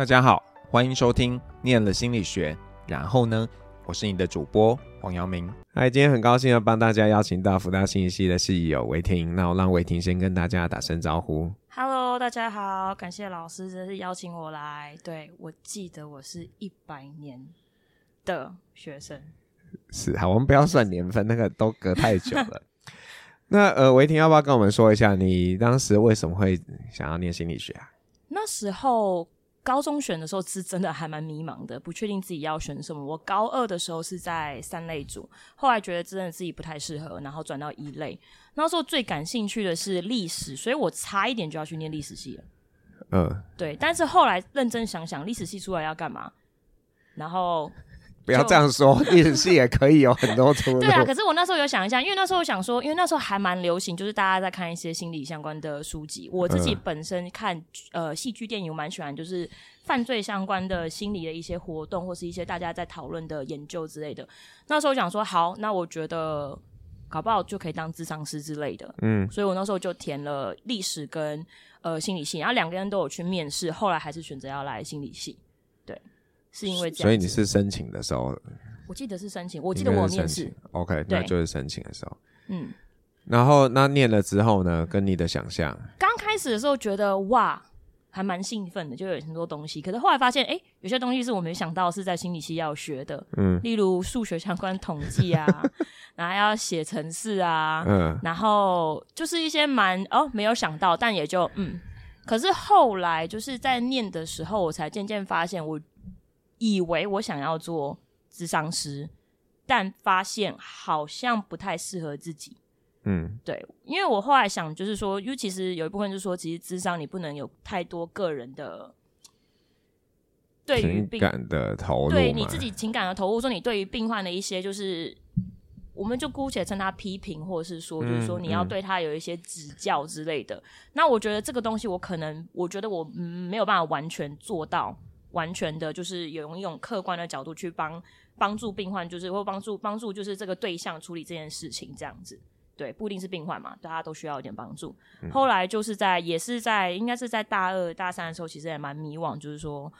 大家好，歡迎收聽《念了心理學》，然後呢，我是你的主播黃姚明。嗨，今天很高興要幫大家邀請到輔大心理系的系友惟婷，那我讓惟婷先跟大家打聲招呼。Hello，大家好，感謝老師這次邀請我來。對，我記得我是一百年的學生。是好，我們不要算年份， 那個都隔太久了。 那呃，惟婷要不要跟我們說一下，你當時為什麼會想要念心理學啊？那時候。高中選的時候是真的還蠻迷茫的，不確定自己要選什麼。我高二的時候是在三類組，後來覺得真的自己不太適合，然後轉到一類。那時候最感興趣的是歷史，所以我差一點就要去念歷史系了。嗯，uh，對。但是後來認真想想，歷史系出來要幹嘛？然後。不要這樣說，歷 史系也可以有很多出路 對、啊。 對啊，可是我那時候有想一下，因為那時候我想說，因為那時候還蠻流行，就是大家在看一些心理相關的書籍。我自己本身看、嗯、呃戲劇電影，蠻喜歡就是犯罪相關的心理的一些活動，或是一些大家在討論的研究之類的。那時候我想說，好，那我覺得搞不好就可以當諮商師之類的。嗯，所以我那時候就填了歷史跟呃心理系，然後兩個人都有去面試，後來還是選擇要來心理系。是因為這樣，所以你是申請的時候，我記得是申請，我記得我有面試，OK，對，就是申請的時候，嗯，然後那念了之後呢，跟你的想象剛開始的時候覺得哇，還蠻興奮的，就有很多東西，可是後來發現，哎、欸，有些東西是我沒想到是在心理系要學的，嗯，例如數學相關統計啊， 然後要寫程式啊，嗯。然後就是一些蠻哦沒有想到，但也就嗯，可是後來就是在念的時候，我才漸漸發現我。以為我想要做諮商師，但發現好像不太適合自己。嗯，對，因為我後來想，就是說，因為其實有一部分就是說，其實諮商你不能有太多個人的對於病患的投入，對你自己情感的投入。說你對於病患的一些，就是我們就姑且稱他批評，或者是說、嗯，就是說你要對他有一些指教之類的。嗯、那我覺得這個東西，我可能我覺得我沒有辦法完全做到。完全的，就是有用一種客觀的角度去幫幫助病患，就是或幫助幫助就是這個對象處理這件事情這樣子。對，不一定是病患嘛，大家都需要一點幫助、嗯。後來就是在也是在應該是在大二大三的時候，其實也蠻迷惘，就是說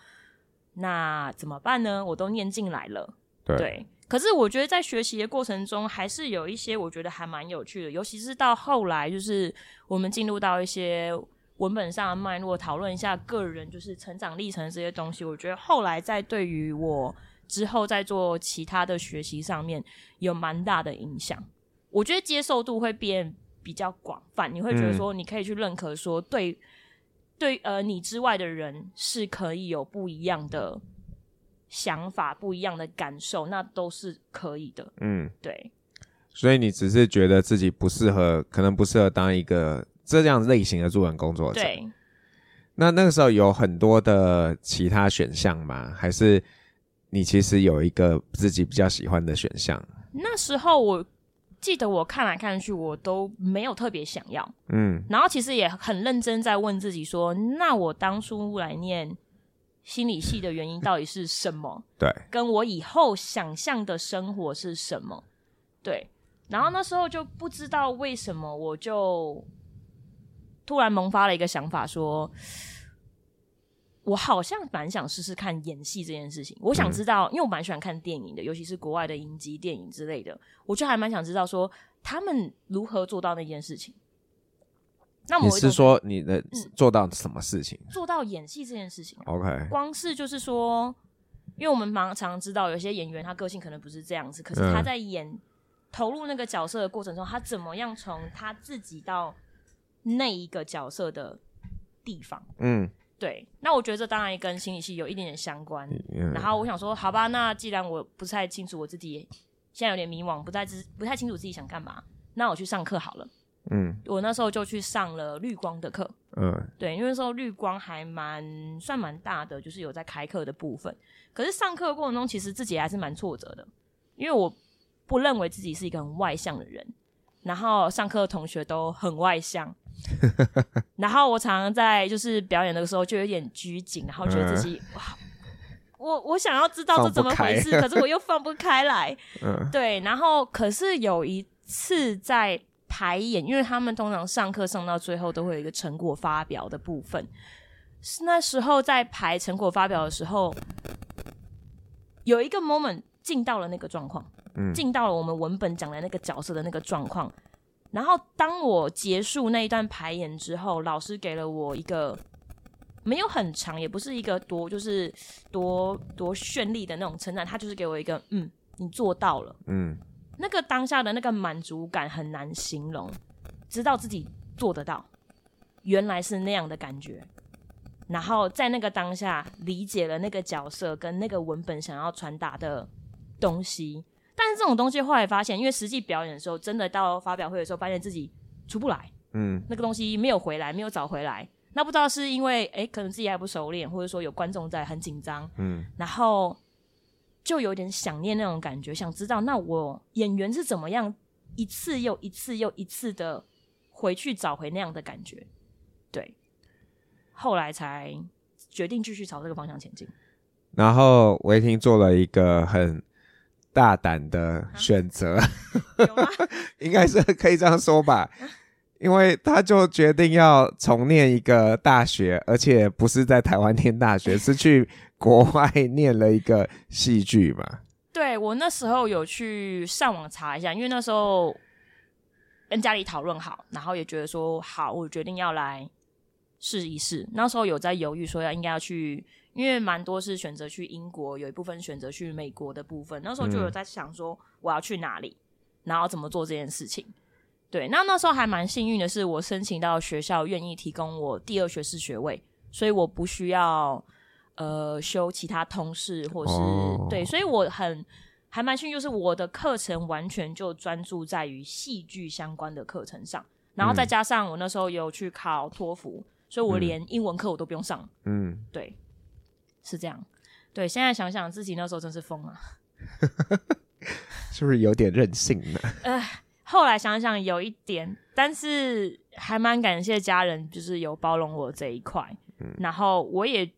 那怎麼辦呢？我都念進來了對，對。可是我覺得在學習的過程中，還是有一些我覺得還蠻有趣的，尤其是到後來就是我們進入到一些。文本上的脈絡，討論一下個人就是成長歷程這些東西，我覺得後來在對於我之後在做其他的學習上面有蠻大的影響。我覺得接受度會變比較廣泛，你會覺得說你可以去認可說對、嗯、對，對，呃，你之外的人是可以有不一樣的想法、不一樣的感受，那都是可以的。嗯，對。所以你只是覺得自己不適合，可能不適合當一個。這樣類型的助人工作，對。那那個時候有很多的其他選項嗎？還是你其實有一個自己比較喜歡的選項？那時候我記得我看來看去，我都沒有特別想要。嗯。然後其實也很認真在問自己說，那我當初來念心理系的原因到底是什麼？ 對。跟我以後想象的生活是什麼？對。然後那時候就不知道為什麼我就。突然萌發了一個想法，說：“我好像蠻想試試看演戲這件事情。我想知道，因為我蠻喜歡看電影的，尤其是國外的影集、電影之類的。我就還蠻想知道說，說他們如何做到那件事情。那你是說你的做到什麼事情？嗯、做到演戲這件事情、啊。OK，光是就是說，因為我們常常知道有些演員他個性可能不是這樣子，可是他在演、嗯、投入那個角色的過程中，他怎麼樣從他自己到……那一個角色的地方，嗯，對。那我覺得這當然跟心理系有一點點相關。嗯，然後我想說，好吧，那既然我不太清楚我自己，現在有點迷惘，不太知不太清楚自己想幹嘛，那我去上課好了。嗯，我那時候就去上了綠光的課。嗯，對，因為那時候綠光還蠻算蠻大的，就是有在開課的部分。可是上課過程中，其實自己還是蠻挫折的，因為我不認為自己是一個很外向的人。然後上課的同學都很外向， 然後我常常在就是表演的時候就有點拘謹，然後覺得自己、嗯、哇，我我想要知道這怎麼回事，可是我又放不開來、嗯。對，然後可是有一次在排演，因為他們通常上課上到最後都會有一個成果發表的部分，是那時候在排成果發表的時候，有一個 moment 進到了那個狀況。進到了我們文本講的那個角色的那個狀況，然後當我結束那一段排演之後，老師給了我一個沒有很長，也不是一個多就是多多絢麗的那種稱讚。他就是給我一個嗯，你做到了，嗯，那個當下的那個滿足感很難形容，知道自己做得到，原來是那樣的感覺，然後在那個當下理解了那個角色跟那個文本想要傳達的東西。但是這種東西後來發現，因為實際表演的時候，真的到發表會的時候，發現自己出不來。嗯，那個東西沒有回來，沒有找回來。那不知道是因為哎、欸，可能自己還不熟練，或者說有觀眾在很緊張。嗯，然後就有點想念那種感覺，想知道那我演員是怎麼樣一次又一次又一次的回去找回那樣的感覺。對，後來才決定繼續朝這個方向前進。然後惟婷做了一個很大膽的選擇、啊， 有嗎 應該是可以這樣說吧，因為他就決定要重念一個大學，而且不是在台灣念大學，是去國外 念了一個戲劇嘛對。對，我那時候有去上網查一下，因為那時候跟家裡討論好，然後也覺得說好，我決定要來試一試。那時候有在猶豫，說要應該要去。因為蠻多是選擇去英國，有一部分選擇去美國的部分。那時候就有在想說，我要去哪裡，然後怎麼做這件事情。對，那那時候還蠻幸運的是，我申請到學校願意提供我第二學士學位，所以我不需要呃修其他通識或是，oh. 對，所以我很還蠻幸運，就是我的課程完全就專注在於戲劇相關的課程上，然後再加上我那時候有去考托福，所以我連英文課我都不用上。嗯、oh.，對。是這樣，對。現在想想自己那時候真是瘋了啊， 是不是有點任性呢？ 呃，後來想想有一點，但是還蠻感謝家人，就是有包容我這一塊，嗯。然後我也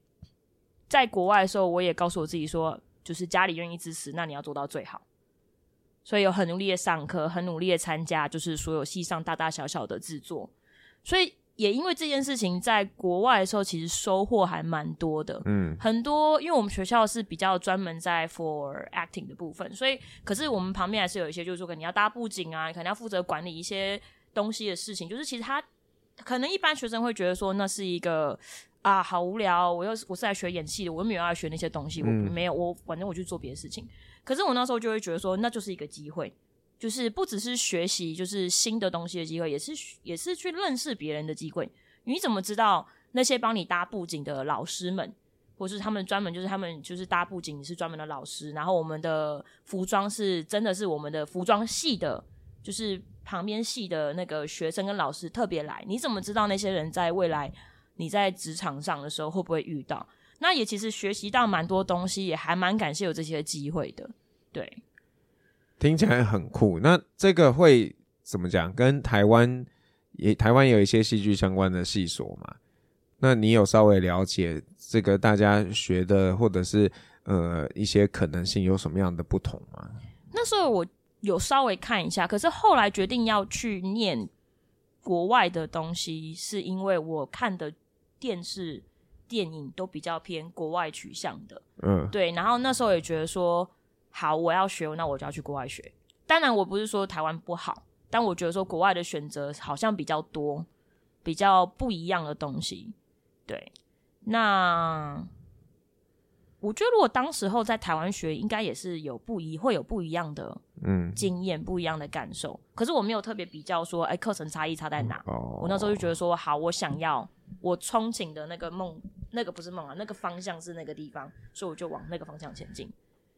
在國外的時候，我也告訴我自己說，就是家裡願意支持，那你要做到最好。所以有很努力的上課，很努力的參加，就是所有戲上大大小小的制作，所以。也因為這件事情，在國外的時候其實收穫還蠻多的。嗯，很多，因為我們學校是比較專門在 for acting 的部分，所以可是我們旁邊還是有一些，就是說可能，你、啊、你可能要搭布景啊，你可能要負責管理一些東西的事情。就是其實他可能一般學生會覺得說，那是一個啊，好無聊。我又我是來學演戲的，我又沒有要學那些東西，嗯、我沒有，我反正我去做別的事情。可是我那時候就會覺得說，那就是一個機會。就是不只是學習，就是新的東西的機會，也是也是去認識別人的機會。你怎麼知道那些幫你搭布景的老師們，或是他們專門就是他們就是搭布景是專門的老師？然後我們的服裝是真的是我們的服裝系的，就是旁邊系的那個學生跟老師特別來。你怎麼知道那些人在未來你在職場上的時候會不會遇到？那也其實學習到蠻多東西，也還蠻感謝有這些機會的。對。聽起來很酷，那這個會怎麼講？跟台灣也台灣有一些戲劇相關的系所嘛？那你有稍微了解這個大家學的，或者是呃一些可能性有什麼樣的不同嗎？那時候我有稍微看一下，可是後來決定要去念國外的東西，是因為我看的電視電影都比較偏國外取向的。嗯，對，然後那時候也覺得說。好，我要學，那我就要去國外學。當然，我不是說台灣不好，但我覺得說國外的選擇好像比較多，比較不一樣的東西。對，那我覺得如果當時候在台灣學，應該也是有不一，會有不一樣的嗯經驗，不一樣的感受。可是我沒有特別比較說，哎，課程差異差在哪？哦，我那時候就覺得說，好，我想要我憧憬的那個夢，那個不是夢啊，那個方向是那個地方，所以我就往那個方向前進。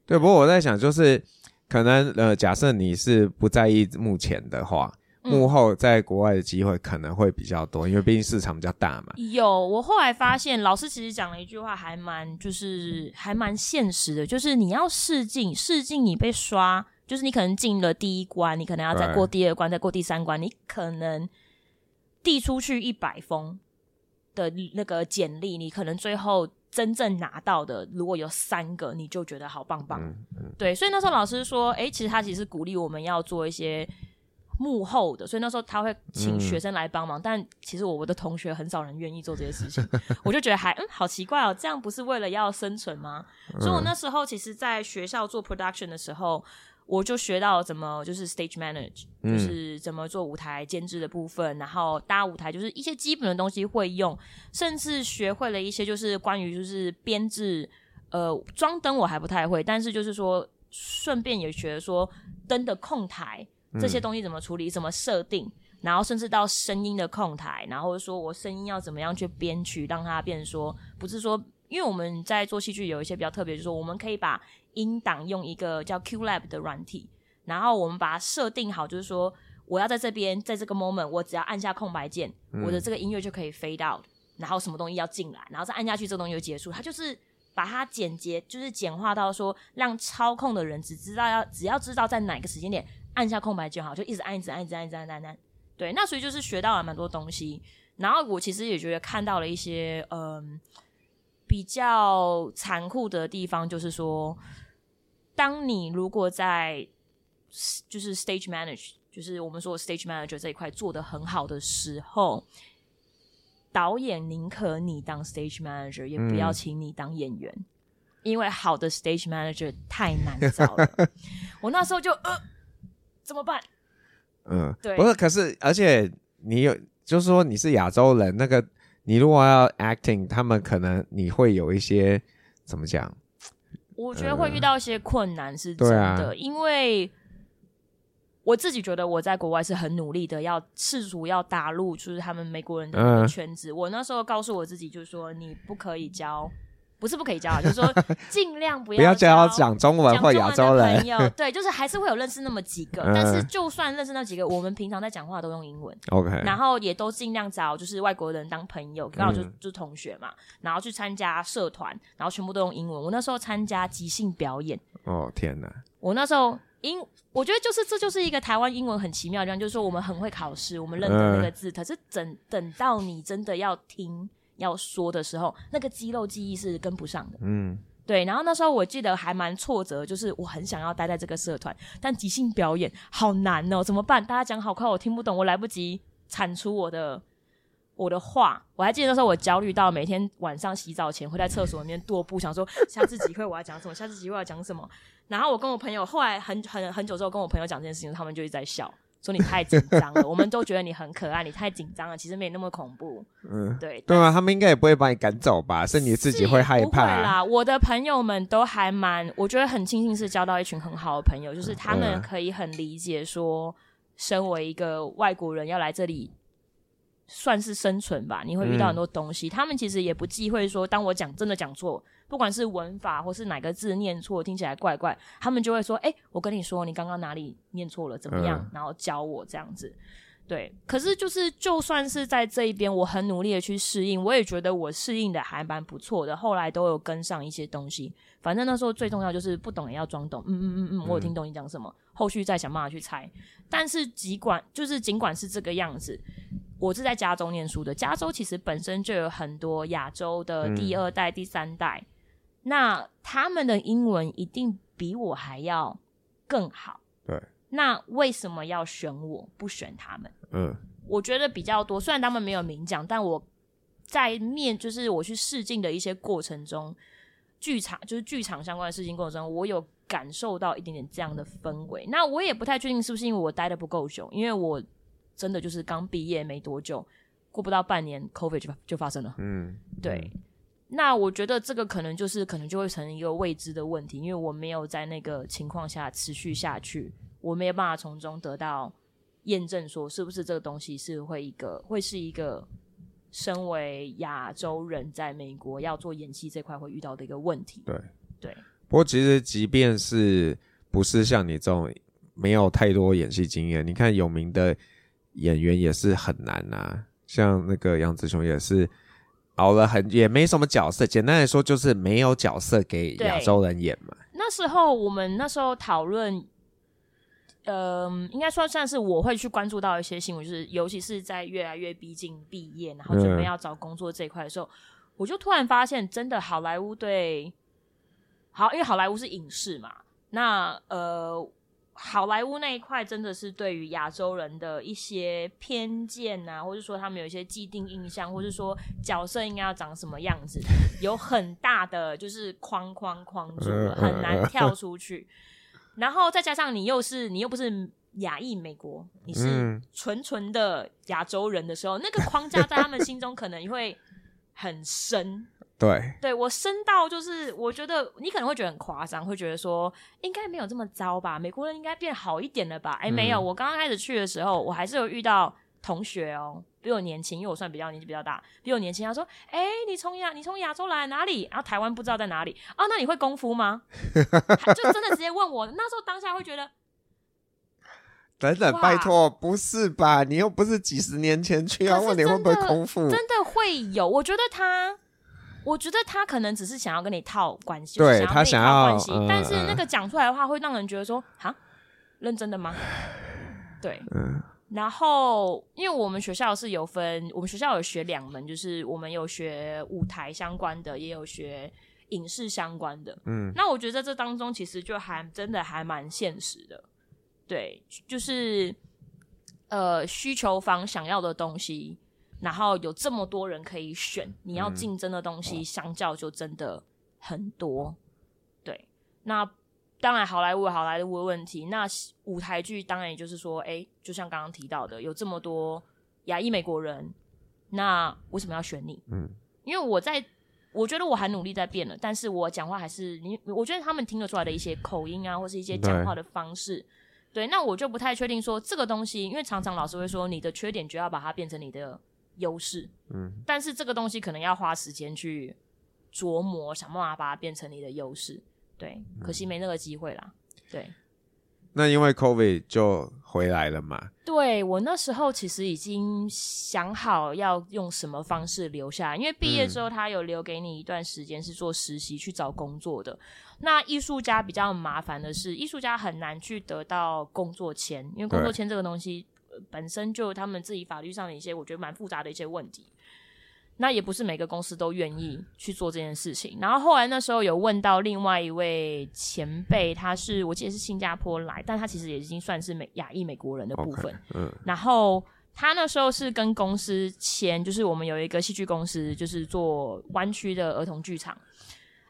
對，不過我在想，就是可能呃，假設你是不在意目前的話，嗯，幕後在國外的機會可能會比較多，因為畢竟市場比較大嘛。有，我後來發現老師其實講了一句話，還蠻就是還蠻現實的，就是你要試鏡，試鏡你被刷，就是你可能進了第一關，你可能要再過第二關，再過第三關，你可能遞出去一百封的那個簡歷，你可能最後。真正拿到的，如果有三個，你就覺得好棒棒。嗯嗯、對，所以那時候老師說，哎，其實他其實鼓勵我們要做一些幕後的，所以那時候他會請學生來幫忙，嗯、但其實我的同學很少人願意做這些事情， 我就覺得還嗯好奇怪哦，這樣不是為了要生存嗎？嗯、所以，我那時候其實在學校做 production 的時候。我就學到怎麼就是 stage manage，就是怎麼做舞台監製的部分，嗯，然後搭舞台就是一些基本的東西會用，甚至學會了一些就是關於就是編制，呃，裝燈我還不太會，但是就是說順便也學說燈的控台這些東西怎麼處理，怎麼設定，嗯，然後甚至到聲音的控台，然後說我聲音要怎麼樣去編曲，讓它變說不是說。因為我們在做戲劇，有一些比較特別，就是說我們可以把音檔用一個叫 QLab 的軟體，然後我們把它設定好，就是說我要在這邊，在這個 moment，我只要按下空白鍵、嗯，我的這個音樂就可以 fade out，然後什麼東西要進來，然後再按下去，這東西就結束。它就是把它簡潔，就是簡化到說，讓操控的人只知道要，只要知道在哪個時間點按下空白鍵好，就一直按，一直按，一直按，一直按，一直按，按，按。對，那所以就是學到了蠻多東西，然後我其實也覺得看到了一些，嗯。比較殘酷的地方就是說，當你如果在就是 stage manager，就是我們說 stage manager 這一塊做得很好的時候，導演寧可你當 stage manager，也不要請你當演員，嗯、因為好的 stage manager 太難找了。 我那時候就呃，怎麼辦？嗯，對，不是，可是而且你有，就是說你是亞洲人，那個。你如果要 acting，他們可能你會有一些怎麼講？我覺得會遇到一些困難、呃、是，真的、對啊，因為我自己覺得我在國外是很努力的，要試圖要打入就是他們美國人的圈子、呃。我那時候告訴我自己就，就是說你不可以教。不是不可以交， 就是說盡量不要不要交講中文或亞洲人朋友。 對，就是還是會有認識那麼幾個、嗯，但是就算認識那幾個，我們平常在講話都用英文。OK，然後也都尽量找就是外國人當朋友，剛好就是嗯、就是、同學嘛，然後去參加社團，然後全部都用英文。我那時候參加即興表演。哦、oh, 天哪！我那時候英，我覺得就是這就是一個台灣英文很奇妙的地方，就是說我們很會考試，我們認得那個字，嗯、可是整，等到你真的要聽。要說的時候，那個肌肉記憶是跟不上的。嗯，對。然後那時候我記得還蠻挫折，就是我很想要待在這個社團，但即興表演好難哦，怎麼辦？大家講好快，我聽不懂，我來不及產出我的我的話。我還記得那時候我焦慮到每天晚上洗澡前會在廁所裡面踱步，想說下次機會我要講什麼，下次機會要講什麼。然後我跟我朋友後來很很很久之後跟我朋友講這件事情，他們就一直在笑。 說你太緊張了，我們都覺得你很可愛。你太緊張了，其實沒那麼恐怖。嗯，對對啊，他們應該也不會把你趕走吧？是你自己會害怕啊。不會啦，我的朋友們都還蠻，我覺得很慶幸是交到一群很好的朋友，就是他們可以很理解說，身為一個外國人要來這裡。算是生存吧，你會遇到很多東西。嗯、他們其實也不忌諱說，當我講真的講錯，不管是文法或是哪個字念錯，聽起來怪怪，他們就會說：“哎、欸，我跟你說，你剛剛哪裡念錯了，怎麼樣？”嗯、然後教我這樣子。對，可是就是就算是在這一邊，我很努力的去適應，我也覺得我適應的還蠻不錯的。後來都有跟上一些東西。反正那時候最重要就是不懂也要裝懂，嗯嗯嗯嗯，我有聽懂你講什麼、嗯，後續再想辦法去猜。但是儘管就是儘管是這個樣子。我是在加州念書的。加州其實本身就有很多亞洲的第二代、嗯、第三代，那他們的英文一定比我還要更好。對。那為什麼要選我，不選他們？嗯。我覺得比較多，雖然他們沒有明講，但我在面，就是我去試鏡的一些過程中，劇場就是劇場相關的事情過程中，我有感受到一點點這樣的氛圍、嗯。那我也不太確定是不是因為我待得不夠久，因為我。真的就是剛畢業沒多久，過不到半年，COVID 就就發生了。嗯，對嗯。那我覺得這個可能就是可能就會成一個未知的問題，因為我沒有在那個情況下持續下去，我沒有辦法從中得到驗證，說是不是這個東西是會一個會是一個身為亞洲人在美國要做演戲這塊會遇到的一個問題。對，對。不過其實即便是不是像你這種沒有太多演戲經驗，你看有名的。演員也是很難啊，像那個楊子雄也是熬了很，也沒什麼角色。簡單來說，就是沒有角色給亞洲人演嘛。那時候我們那時候討論，嗯、呃，應該說算是我會去關注到一些新聞，就是尤其是在越來越逼近畢業，然後準備要找工作這一塊的時候、嗯，我就突然發現，真的好萊塢對，好，因為好萊塢是影視嘛，那呃。好萊塢那一塊真的是對於亞洲人的一些偏見啊，或者說他們有一些既定印象，或是說角色應該要長什麼樣子，有很大的就是框框框住，很難跳出去。 然後再加上你又是你又不是亞裔美國，你是純純的亞洲人的時候，那個框架在他們心中可能會很深。對，對我升到就是，我覺得你可能會覺得很誇張，會覺得說應該沒有這麼糟吧？美國人應該變好一點了吧？哎、嗯，沒有，我剛剛開始去的時候，我還是有遇到同學哦，比我年輕，因為我算比較年紀比較大，比我年輕，他說：“哎，你從亞，你從亞洲來哪裡？”然、啊、後台灣不知道在哪裡啊？那你會功夫嗎？ 就真的直接問我，那時候當下會覺得，等等，拜托，不是吧？你又不是幾十年前去要、啊、問你會不會功夫，真的會有，我覺得他。我覺得他可能只是想要跟你套關係，對，就是想要跟你套關係，他想要，但是那個講出來的話會讓人覺得說、嗯，啊，認真的嗎？對，嗯。然後，因為我們學校是有分，我們學校有學兩門，就是我們有學舞台相關的，也有學影視相關的，嗯。那我覺得這當中其實就還真的還蠻現實的，對，就是呃，需求方想要的東西。然後有這麼多人可以選，你要競爭的東西相較就真的很多。嗯、對，那當然好萊塢有好萊塢的問題，那舞台劇當然也就是說，誒、欸，就像剛剛提到的，有這麼多亞裔美國人，那為什麼要選你？嗯，因為我在，我覺得我還努力在變了，但是我講話還是你，我覺得他們聽得出來的一些口音啊，或是一些講話的方式對。對，那我就不太確定說這個東西，因為常常老師會說，你的缺點就要把它變成你的。優勢，嗯，但是這個東西可能要花時間去琢磨，想辦法把它變成你的優勢。對，可惜沒那個機會啦，嗯。對，那因為 COVID 就回來了嘛。對，我那時候其實已經想好要用什麼方式留下來，因為畢業之後他有留給你一段時間是做實習去找工作的。嗯、那藝術家比較麻煩的是，藝術家很難去得到工作簽，因為工作簽這個東西。本身就他們自己法律上的一些，我覺得蠻複雜的一些問題。那也不是每個公司都願意去做這件事情。然後後來那時候有問到另外一位前輩，他是我記得是新加坡來，但他其實也已經算是美亞裔美國人的部分。嗯、okay, uh。然後他那時候是跟公司簽，就是我們有一個戲劇公司，就是做灣區的兒童劇場。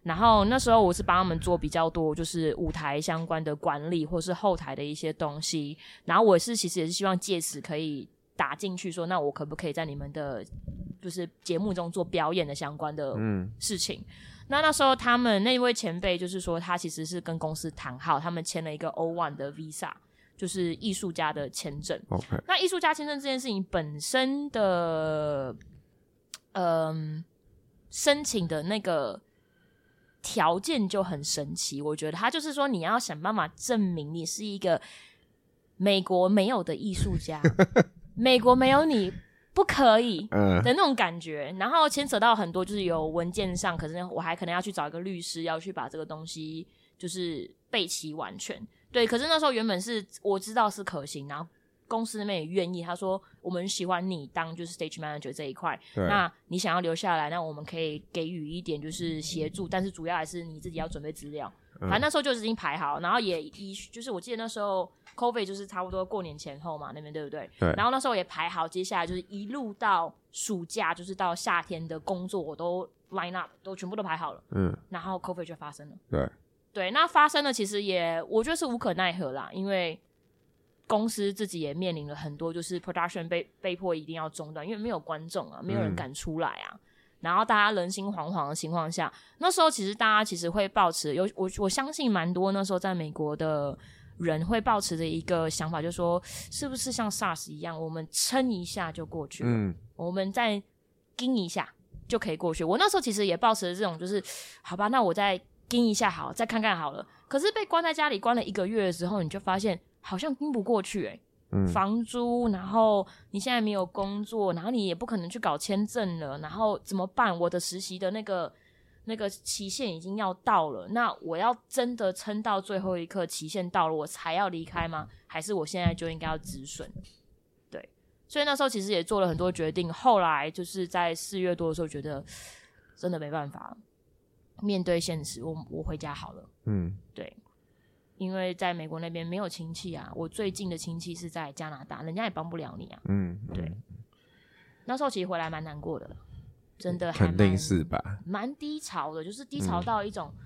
然後那時候我是幫他們做比較多，就是舞台相關的管理，或是後臺的一些東西。然後我是其實也是希望借此可以打進去，說那我可不可以在你們的，就是節目中做表演的相關的嗯事情嗯。那那時候他們那一位前輩就是說，他其實是跟公司談好，他們簽了一個 O one 的 visa，就是藝術家的簽證。Okay. 那藝術家簽證這件事情本身的，呃，申請的那個。條件就很神奇，我覺得他就是說，你要想辦法證明你是一個美國沒有的藝術家， 美國沒有你不可以，嗯，的那種感覺。然後牽扯到很多，就是有文件上，可是我還可能要去找一個律師，要去把這個東西就是備齊完全。對，可是那時候原本是我知道是可行，然後。公司那邊也願意，他說我們喜歡你當就是 stage manager 這一塊，那你想要留下來，那我們可以給予一點就是協助，但是主要還是你自己要準備資料。嗯。反正那時候就已經排好，然後也一就是我記得那時候 COVID 就是差不多過年前後嘛，那邊對不對？對。然後那時候也排好，接下來就是一路到暑假，就是到夏天的工作，我都 line up，都全部都排好了。嗯。然後 COVID 就發生了。對。對，那發生了，其實也我覺得是無可奈何啦，因為。公司自己也面臨了很多，就是 production 被被迫一定要中斷，因為沒有觀眾啊，沒有人敢出來啊、嗯。然後大家人心惶惶的情況下，那時候其實大家其實會抱持有我我相信蠻多那時候在美國的人會抱持的一個想法就是說，就說是不是像 SARS 一樣，我們撐一下就過去了，嗯、我們再盯一下就可以過去。我那時候其實也抱持了這種，就是好吧，那我再盯一下，好，再看看好了。可是被關在家裡關了一個月的時候，你就發現。好像拼不過去誒、欸嗯，房租，然後你現在沒有工作，然後你也不可能去搞簽證了，然後怎麼辦？我的實習的那個那個期限已經要到了，那我要真的撐到最後一刻，期限到了我才要離開嗎？還是我現在就應該要止損？對，所以那時候其實也做了很多決定，後來就是在四月多的時候覺得真的沒辦法面對現實，我我回家好了。嗯，對。因為在美國那邊沒有親戚啊，我最近的親戚是在加拿大，人家也幫不了你啊。嗯，對。那時候其實回來蠻難過的，真的還肯定是吧，蠻低潮的，就是低潮到一種、嗯、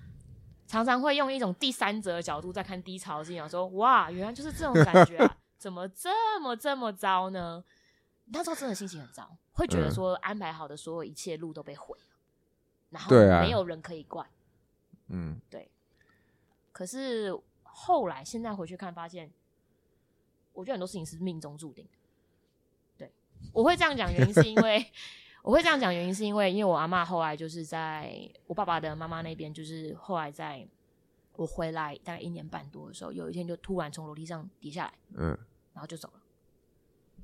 常常會用一種第三者的角度在看低潮的事情，想說哇，原來就是這種感覺啊， 怎麼這麼這麼糟呢？那時候真的心情很糟，會覺得說安排好的所有一切路都被毀了，嗯，然後沒有人可以怪，對啊。嗯，對。可是。後來現在回去看，發現我覺得很多事情是命中注定的。對，我會這樣講，原因是因為 我會這樣講，原因是因為因為我阿媽後來就是在我爸爸的媽媽那邊，就是後來在我回來大概一年半多的時候，有一天就突然從樓梯上跌下來，嗯，然後就走了。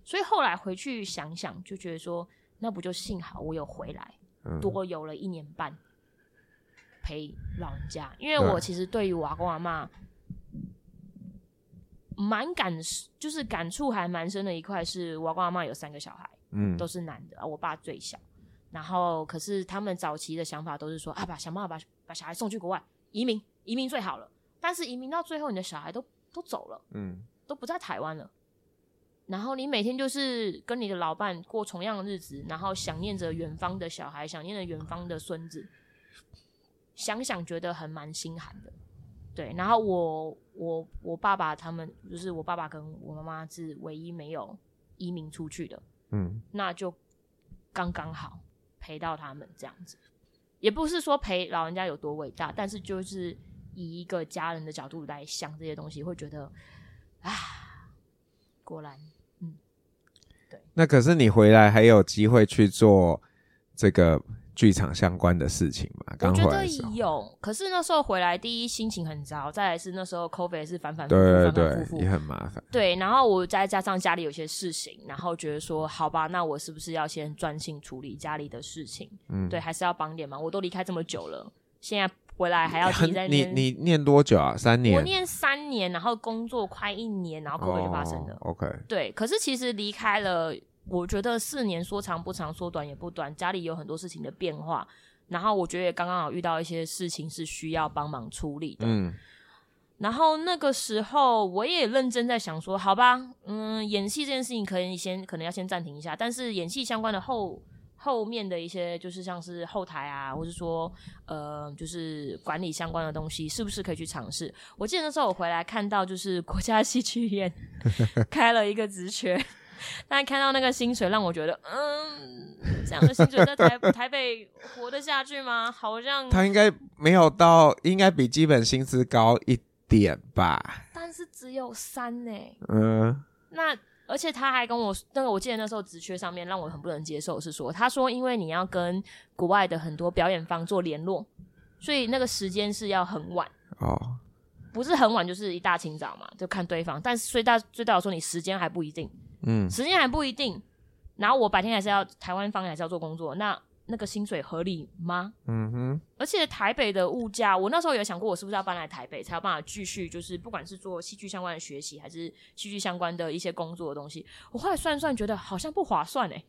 所以後來回去想想，就覺得說那不就幸好我有回來，嗯，多有了一年半陪老人家。因為我其實對於我阿公阿媽，蠻感，就是感觸還蠻深的一塊是，我阿公阿嬤有三個小孩，嗯，都是男的，啊，我爸最小，然後可是他們早期的想法都是說，啊，把想辦法把把小孩送去國外，移民，移民最好了。但是移民到最後，你的小孩都都走了，嗯，都不在台灣了，然後你每天就是跟你的老伴過同樣的日子，然後想念着遠方的小孩，想念着遠方的孫子，想想覺得還蠻心寒的。對，然後我我我爸爸他們就是我爸爸跟我媽媽是唯一沒有移民出去的，嗯，那就剛剛好陪到他們這樣子，也不是說陪老人家有多偉大，但是就是以一個家人的角度來想這些東西，會覺得啊，果然，嗯，對。那可是你回來還有機會去做這個。劇場相關的事情嘛剛，我覺得有。可是那時候回來，第一心情很糟，再來是那時候 COVID 是反反、反、對對對對反反複複，對對對，也很麻煩。對，然後我再加上家裡有些事情，然後覺得說，好吧，那我是不是要先專心處理家裡的事情？嗯，對，還是要幫點忙。我都離開這麼久了，現在回來還要停在那奇你你念多久啊？三年？我念三年，然後工作快一年，然後 COVID 就發生了。Oh, OK。對，可是其實離開了。我覺得四年說長不長，說短也不短。家裡有很多事情的變化，然後我覺得也剛剛好遇到一些事情是需要幫忙處理的。嗯，然後那個時候我也認真在想說，好吧，嗯，演戲這件事情可以先，可能要先暫停一下。但是演戲相關的後後面的一些，就是像是後台啊，或是說呃，就是管理相關的東西，是不是可以去嘗試？我記得那時候我回來看到，就是國家戲劇院 開了一個職缺。但看到那個薪水，讓我覺得，嗯，這樣的薪水在台 台北活得下去嗎？好像他應該沒有到，應該比基本薪資高一點吧。但是只有三耶。嗯。那而且他還跟我，那個我記得那時候職缺上面讓我很不能接受，是說他說，因為你要跟國外的很多表演方做聯絡，所以那個時間是要很晚。哦。不是很晚，就是一大清早嘛，就看對方。但是最大最大的說，你時間還不一定。嗯，時間還不一定。然後我白天還是要台灣方還是要做工作，那那個薪水合理嗎？嗯哼。而且台北的物價，我那時候有想過，我是不是要搬來台北才有辦法繼續，就是不管是做戲劇相關的學習，還是戲劇相關的一些工作的東西。我後來算算，覺得好像不划算哎、欸。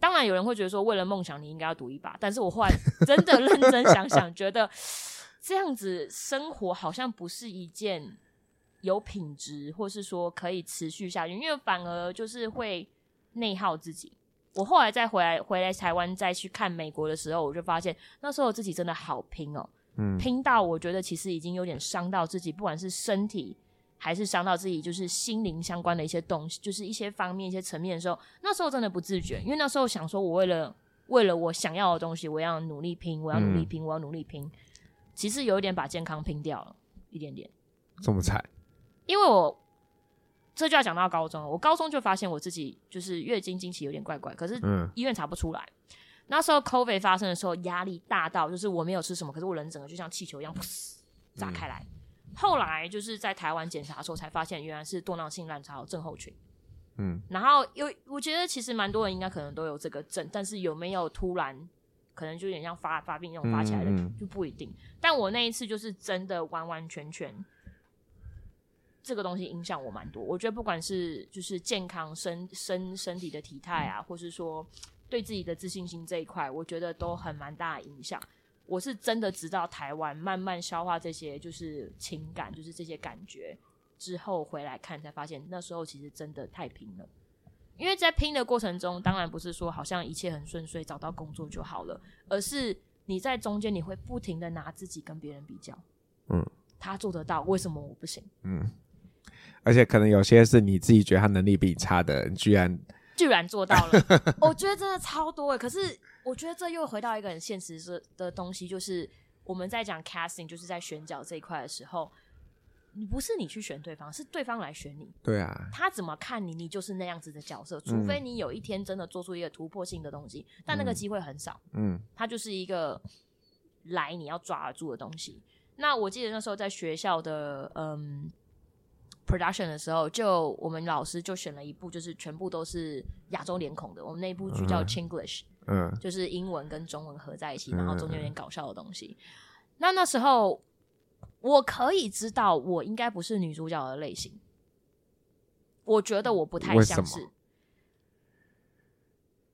當然有人會覺得說，為了夢想你應該要賭一把，但是我後來真的認真想想，覺得 這樣子生活好像不是一件。有品質，或是說可以持續下去，因為反而就是會內耗自己。我後來再回來，回來台灣再去看美國的時候，我就發現那時候自己真的好拼哦、喔，嗯，拼到我覺得其實已經有點傷到自己，不管是身體還是傷到自己，就是心靈相關的一些東西，就是一些方面、一些層面的時候，那時候真的不自覺，因為那時候想說，我為了為了我想要的東西，我要努力拼，我要努力拼，嗯、我要努力拼，其實有一點把健康拼掉了一點點，這麼慘。嗯。因為我這就要講到高中了，我高中就發現我自己就是月經經期有點怪怪，可是醫院查不出來。嗯、那時候 COVID 發生的時候，壓力大到就是我沒有吃什麼，可是我人整個就像氣球一樣炸開來、嗯。後來就是在台灣檢查的時候才發現，原來是多囊性卵巢症候群。嗯，然後有我覺得其實蠻多人應該可能都有這個症，但是有沒有突然可能就有點像發發病那種發起來的嗯嗯嗯就不一定。但我那一次就是真的完完全全。這個東西影響我蠻多，我覺得不管是就是健康身身身體的體態啊，或是說對自己的自信心這一塊，我覺得都很蠻大的影響。我是真的直到台灣慢慢消化這些就是情感，就是這些感覺之後回來看，才發現那時候其實真的太拼了。因為在拼的過程中，當然不是說好像一切很順遂，找到工作就好了，而是你在中間你會不停的拿自己跟別人比較，嗯，他做得到，為什麼我不行？嗯。而且可能有些是你自己覺得他能力比你差的，你居然居然做到了， 我覺得真的超多哎。可是我覺得這又回到一個很現實的東西，就是我們在講 casting，就是在選角這一塊的時候，你不是你去選對方，是對方來選你。對啊，他怎麼看你，你就是那樣子的角色。除非你有一天真的做出一個突破性的東西，嗯、但那個機會很少。嗯，他就是一個來你要抓住的東西。那我記得那時候在學校的，嗯。production 的時候，就我們老師就選了一部，就是全部都是亞洲臉孔的。我們那一部劇叫 Chinglish，嗯，就是英文跟中文合在一起，嗯、然後中間有點搞笑的東西。嗯、那那時候我可以知道，我應該不是女主角的類型。我覺得我不太像是，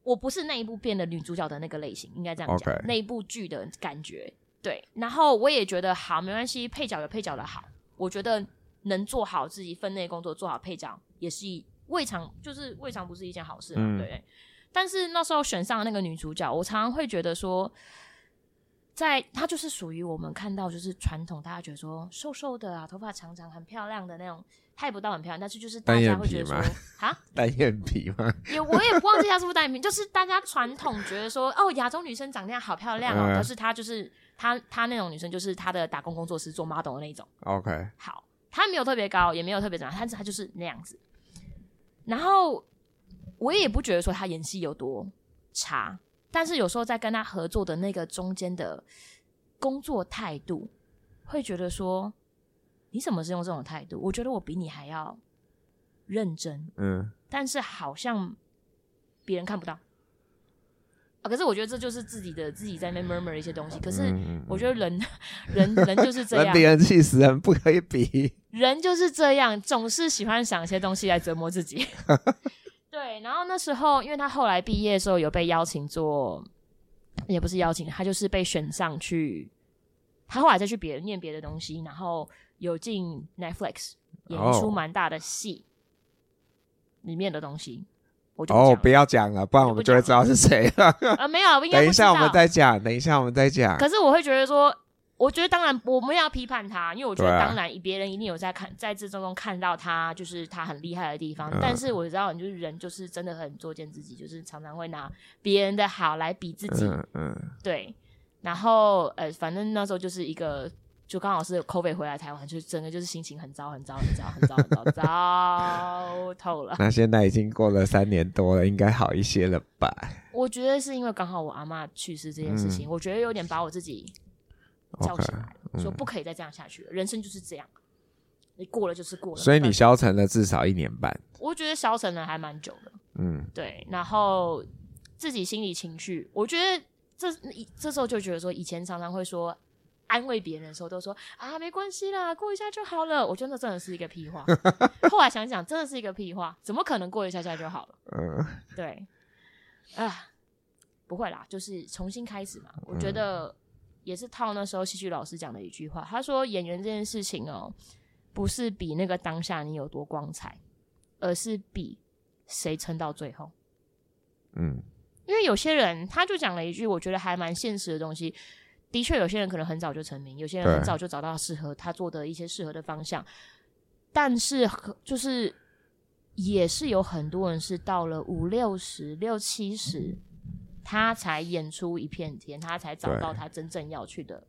我不是那一部變得女主角的那個類型，應該這樣講。Okay. 那一部劇的感覺，對。然後我也覺得好，沒關係，配角有配角的好。我覺得。能做好自己分內工作，做好配角，也是以未嘗就是未嘗不是一件好事嘛。嗯、對。但是那時候選上那個女主角，我常常會覺得說，在她就是屬於我們看到就是傳統大家覺得說瘦瘦的啊，頭髮長長，很漂亮的那種，她也不到很漂亮，但是就是大家會覺得說啊，單眼皮嗎？單眼皮嗎 也我也不忘記她是不是單眼皮， 就是大家傳統覺得說哦，亞洲女生長那樣好漂亮哦，嗯嗯，可是她就是她她那種女生就是她的打工工作是做 model 的那一種。OK，好。他沒有特別高，也沒有特別長，但是他他就是那樣子。然後我也不覺得說他演戲有多差，但是有時候在跟他合作的那個中間的工作態度，會覺得說，你怎麼是用這種態度？我覺得我比你還要認真，嗯，但是好像別人看不到。啊、可是我覺得這就是自己的自己在那 murmur 一些東西。可是我覺得人，嗯嗯、人人就是這樣， 人比人氣死人，不可以比。人就是這樣，總是喜歡想一些東西來折磨自己。 對，然後那時候，因為他後來畢業的時候有被邀請做，也不是邀請，他就是被選上去。他後來再去別念別的東西，然後有進 Netflix 演出蠻大的戲裡面的東西。Oh. 我就哦，不要講了，不然我們就會知道是誰了。啊、 呃，沒有我應該不，等一下我們再講，等一下我們再講。可是我會覺得說，我覺得當然我們要批判他，因為我覺得當然，別人一定有在看，在這當中看到他就是他很厲害的地方。嗯、但是我知道，就是人就是真的很作踐自己，就是常常會拿別人的好來比自己。嗯嗯。對，然後呃，反正那時候就是一個。就剛好是 COVID 回來台灣，就整個就是心情很糟，很，很，很，很，很糟，很 糟，很糟，很糟、糟透了。那現在已經過了三年多了，應該好一些了吧？我覺得是因為剛好我阿嬤去世這件事情，嗯，我覺得有點把我自己叫起來，說，okay, 不可以再這樣下去了。嗯、人生就是這樣，你過了就是過了。所以你消沉了至少一年半，我覺得消沉了還蠻久的。嗯，對。然後自己心理情緒，我覺得這這時候就覺得說，以前常常會說。安慰別人的時候都說啊，沒關係啦，過一下就好了。我覺得那真的是一個屁話。 後來想想，真的是一個屁話，怎麼可能過一下下就好了？嗯， 對，啊，不會啦，就是重新開始嘛。我覺得也是套那時候戲劇老師講的一句話。他說：“演員這件事情哦，不是比那個當下你有多光彩，而是比誰撐到最後。”嗯，因為有些人他就講了一句，我覺得還蠻現實的東西。的確，有些人可能很早就成名，有些人很早就找到適合他做的一些適合的方向，但是就是也是有很多人是到了五六十六七十，他才演出一片天，他才找到他真正要去的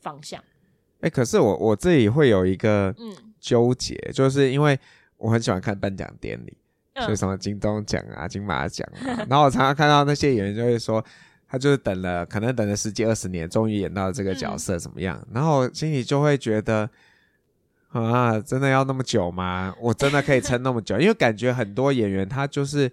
方向。哎、欸，可是我我自己會有一個嗯糾結嗯，就是因為我很喜歡看頒獎典禮，嗯、所以什麼金鐘獎啊、金馬獎啊， 然後我常常看到那些演員就會說。他就是等了，可能等了十幾二十年，終於演到這個角色怎麼樣？嗯。然後心裡就會覺得，啊，真的要那麼久嗎？我真的可以撐那麼久？ 因為感覺很多演員他就是，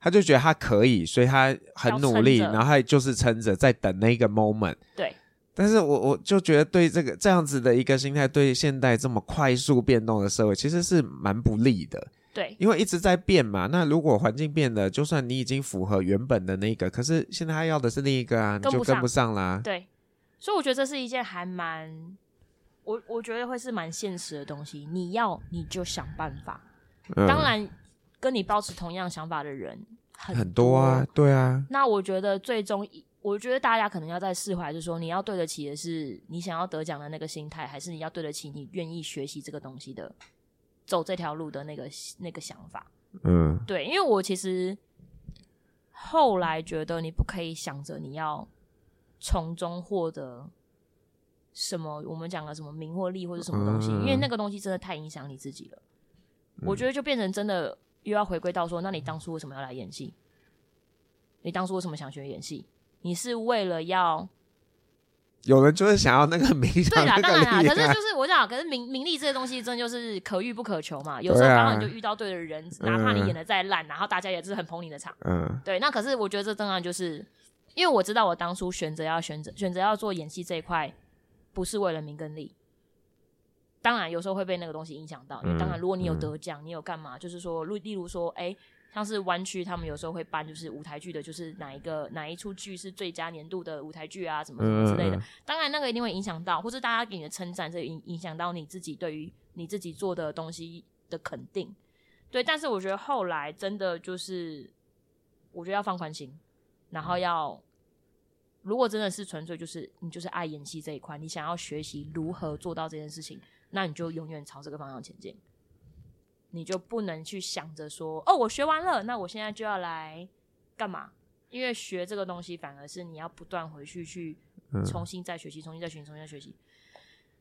他就覺得他可以，所以他很努力，然後他就是撐着在等那個 moment。對。但是我我就覺得，對這個這樣子的一個心態，對現代這麼快速變動的社會，其實是蠻不利的。對，因為一直在變嘛。那如果環境變了，就算你已經符合原本的那個，可是現在他要的是另一個啊，你就跟不上啦。對，所以我覺得這是一件還蠻，我我覺得會是蠻現實的東西。你要，你就想辦法。嗯，當然，跟你保持同樣想法的人很多，很多啊，對啊。那我覺得最終，我覺得大家可能要在釋懷，就是說，你要對得起的是你想要得獎的那個心態，還是你要對得起你願意學習這個東西的。走這條路的那個那個想法，嗯，對，因為我其實後來覺得你不可以想着你要從中獲得什麼，我們講的什麼名或利或者什麼東西、嗯，因為那個東西真的太影響你自己了、嗯。我覺得就變成真的又要回歸到說，那你當初為什麼要來演戲？你當初為什麼想學演戲？你是為了要。有人就是想要那個名， 對啦，當然啦。 可是就是我想，可是名名利這些東西，真的就是可遇不可求嘛。啊、有時候剛好你就遇到對的人，哪、嗯、怕你演的再爛、嗯，然後大家也是很捧你的場。嗯，對。那可是我覺得這當然就是因為我知道我當初選擇要選擇選擇要做演戲這一塊，不是為了名跟利。當然有時候會被那個東西影響到、嗯。因為當然，如果你有得獎、嗯，你有幹嘛？就是說，如例如說，誒、欸。像是灣區，他們有時候會搬，就是舞台劇的，就是哪一個哪一齣劇是最佳年度的舞台劇啊，什麼什麼之類的。當然，那個一定會影響到，或是大家給你的稱讚，這影影響到你自己對於你自己做的東西的肯定。對，但是我覺得後來真的就是，我覺得要放寬心，然後要如果真的是純粹就是你就是愛演戲這一塊，你想要學習如何做到這件事情，那你就永遠朝這個方向前進。你就不能去想着說哦，我學完了，那我現在就要來幹嘛？因為學這個東西，反而是你要不斷回去去重新再學習，嗯，重新再學習，重新再學習，重新再學習。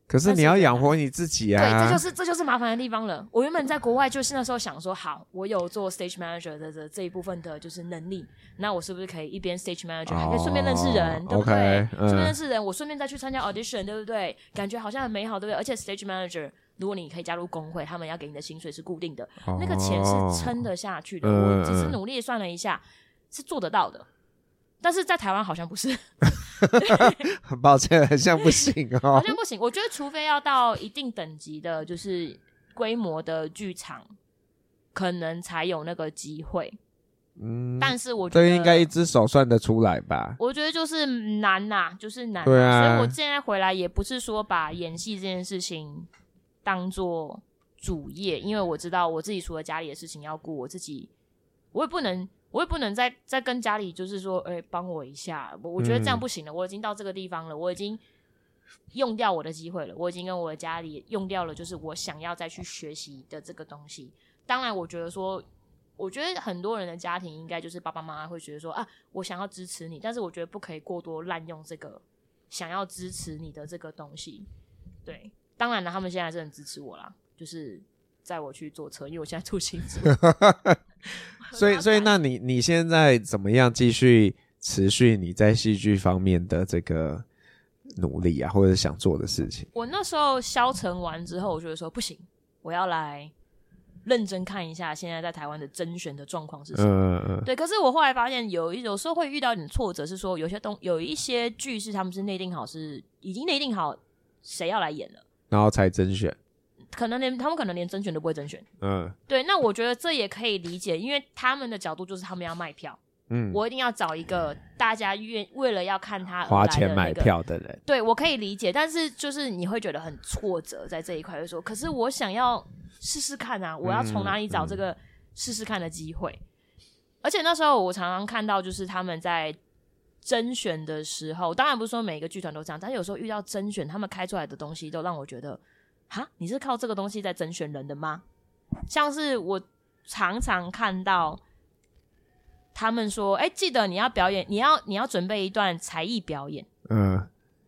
可是你要養活你自己啊！對，這就是這就是麻煩的地方了。我原本在國外就是那時候想說，好，我有做 stage manager 的的這一部分的就是能力，那我是不是可以一邊 stage manager，哦、還可以順便認識人，哦、對不對？okay，嗯，順便認識人，我順便再去參加 audition，對不對？感覺好像很美好，對不對？而且 stage manager。如果你可以加入工會，他們要給你的薪水是固定的，哦、那個錢是撐得下去的。我、嗯、只是努力算了一下、嗯，是做得到的，但是在台灣好像不是。很 抱歉，好像不行啊、哦， 好像不行。我覺得除非要到一定等級的，就是規模的劇場， 可能才有那個機會。嗯，但是我覺得應該一隻手算得出來吧。我覺得就是難吶、啊，就是難、啊。對啊，所以我現在回來也不是說把演戲這件事情，當做主業，因為我知道我自己除了家裡的事情要顧，我自己我也不能，我也不能再再跟家裡就是說，哎、欸，幫我一下。我我覺得這樣不行了，我已經到這個地方了，我已經用掉我的機會了，我已經跟我的家裡用掉了，就是我想要再去學習的這個東西。當然，我覺得說，我覺得很多人的家庭應該就是爸爸媽媽會覺得說，啊，我想要支持你，但是我覺得不可以過多濫用這個想要支持你的這個東西，對。當然了，他們現在是很支持我啦，就是載我去坐車，因為我現在住新竹哈。 所以，所以那你你現在怎麼樣繼續持續你在戲劇方面的這個努力啊，或者是想做的事情？我那時候消沉完之後，我就會說不行，我要來認真看一下現在在台灣的甄選的狀況是什麼。嗯。對，可是我後來發現有一有時候會遇到一點挫折，是說有些東有一些劇是他們是內定好，是已經內定好誰要來演了。然後才甄選，可能連他們可能連甄選都不會甄選，嗯，對，那我覺得這也可以理解，因為他們的角度就是他們要賣票，嗯，我一定要找一個大家願為了要看他，那個、花錢買票的人，對，我可以理解，但是就是你會覺得很挫折在這一塊，就說可是我想要試試看啊，我要從哪裡找這個試試看的機會，嗯嗯，而且那時候我常常看到就是他們在。甄選的時候，當然不是說每個劇團都這樣，但是有時候遇到甄選，他們開出來的東西都讓我覺得，啊，你是靠這個東西在甄選人的嗎？像是我常常看到他們說，哎、欸，記得你要表演，你要你要準備一段才藝表演，嗯，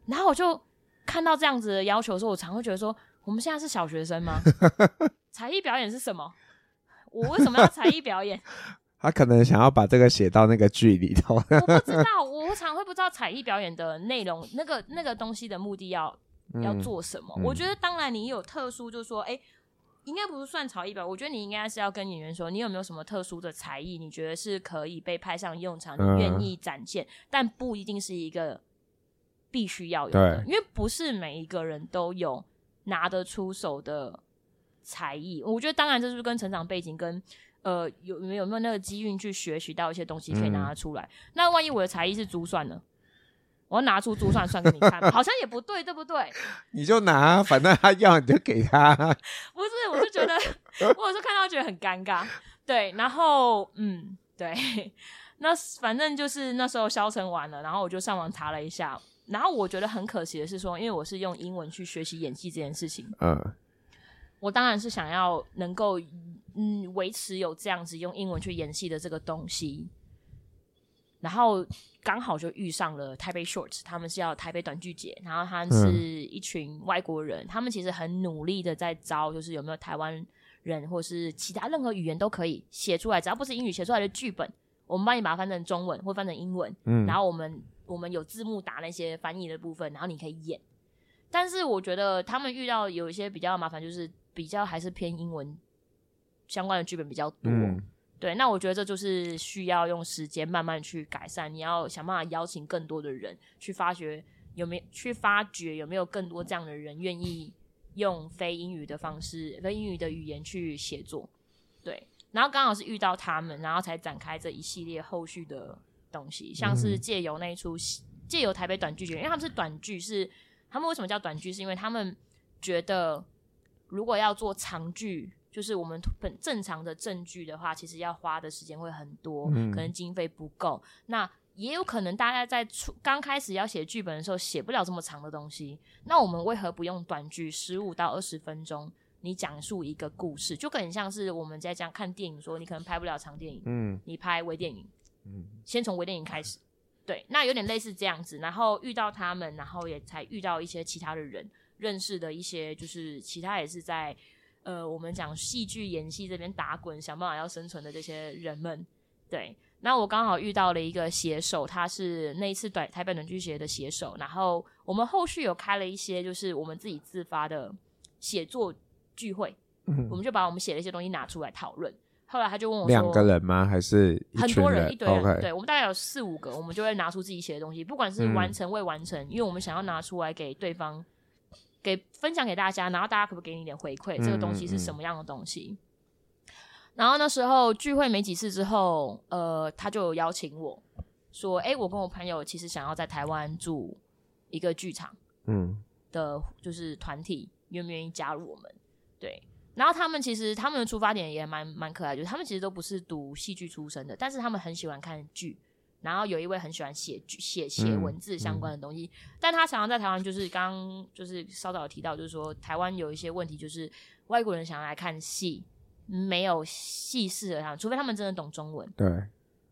然後我就看到這樣子的要求的時候，我常會覺得說，我們現在是小學生嗎？ 才藝表演是什麼？我為什麼要才藝表演？ 他可能想要把這個寫到那個劇裡頭， 我不知道。我常會不知道才藝表演的內容，那個那個東西的目的要、嗯、要做什麼、嗯？我覺得當然你有特殊，就是說哎、欸，應該不是算才藝吧？我覺得你應該是要跟演員說，你有沒有什麼特殊的才藝？你覺得是可以被派上用場，嗯、你願意展現，但不一定是一個必須要有的，對，因為不是每一個人都有拿得出手的才藝。我覺得當然這是跟成長背景跟呃，有沒有沒有那個機運去學習到一些東西，可以拿它出來。嗯？那萬一我的才藝是珠算呢？我要拿出珠算算給你看， 好像也不對，對不對？你就拿，反正他要 你就給他。不是，我是覺得， 我有時候看到覺得很尷尬。對，然後嗯，對， 那反正就是那時候消沉完了，然後我就上網查了一下，然後我覺得很可惜的是說，因為我是用英文去學習演技這件事情，嗯，我當然是想要能夠。嗯，維持有這樣子用英文去演戲的這個東西，然後剛好就遇上了台北 Shorts，他們是要台北短劇節，然後他是一群外國人，他們其實很努力的在招，就是有沒有台灣人或是其他任何語言都可以寫出來，只要不是英語寫出來的劇本，我們幫你把它翻成中文或翻成英文，嗯，然後我們我們有字幕打那些翻譯的部分，然後你可以演。但是我覺得他們遇到有一些比較麻煩，就是比較還是偏英文。相關的劇本比較多、嗯，對，那我覺得這就是需要用時間慢慢去改善，你要想辦法邀請更多的人去發掘，有沒有去發掘有沒有更多這樣的人願意用非英語的方式、非英語的語言去寫作，對。然後剛好是遇到他們，然後才展開這一系列後續的東西，像是借由那一出戲，借由台北短劇，因為他們是短劇，是他們為什麼叫短劇，是因為他們覺得如果要做長劇。就是我們本正常的證據的話，其實要花的時間會很多，嗯、可能經費不夠。那也有可能大家在出剛開始要寫劇本的時候寫不了這麼長的東西。那我們為何不用短劇，十五到二十分鐘，你講述一個故事，就更像像是我們在這樣看電影說，說你可能拍不了長電影，嗯，你拍微電影，嗯，先從微電影開始、嗯，對，那有點類似這樣子。然後遇到他們，然後也才遇到一些其他的人，認識的一些就是其他也是在。呃，我們講戲劇演戲這邊打滾，想辦法要生存的這些人們，對。那我剛好遇到了一個寫手，他是那一次短台本的劇協的寫手。然後我們後續有開了一些，就是我們自己自發的寫作聚會。嗯。我們就把我們寫的一些東西拿出來討論。後來他就問我說，兩個人嗎？還是一很多人一堆人、okay？對，我們大概有四五個，我們就會拿出自己寫的東西，不管是完成未完成，嗯、因為我們想要拿出來給對方。給分享給大家，然後大家可不可以給你一點回饋？這個東西是什麼樣的東西？嗯嗯嗯，然後那時候聚會沒幾次之後，呃，他就有邀請我說：“哎，我跟我朋友其實想要在台灣組一個劇場，嗯，的，就是團體，嗯，願不願意加入我們？對。然後他們其實他們的出發點也蠻蠻可愛的，就是他們其實都不是讀戲劇出身的，但是他們很喜歡看劇。”然後有一位很喜歡寫寫寫文字相關的東西，嗯嗯、但他常常在台灣，就是剛剛就是稍早有提到，就是說台灣有一些問題，就是外國人想要來看戲，沒有戲適合他，除非他們真的懂中文，對，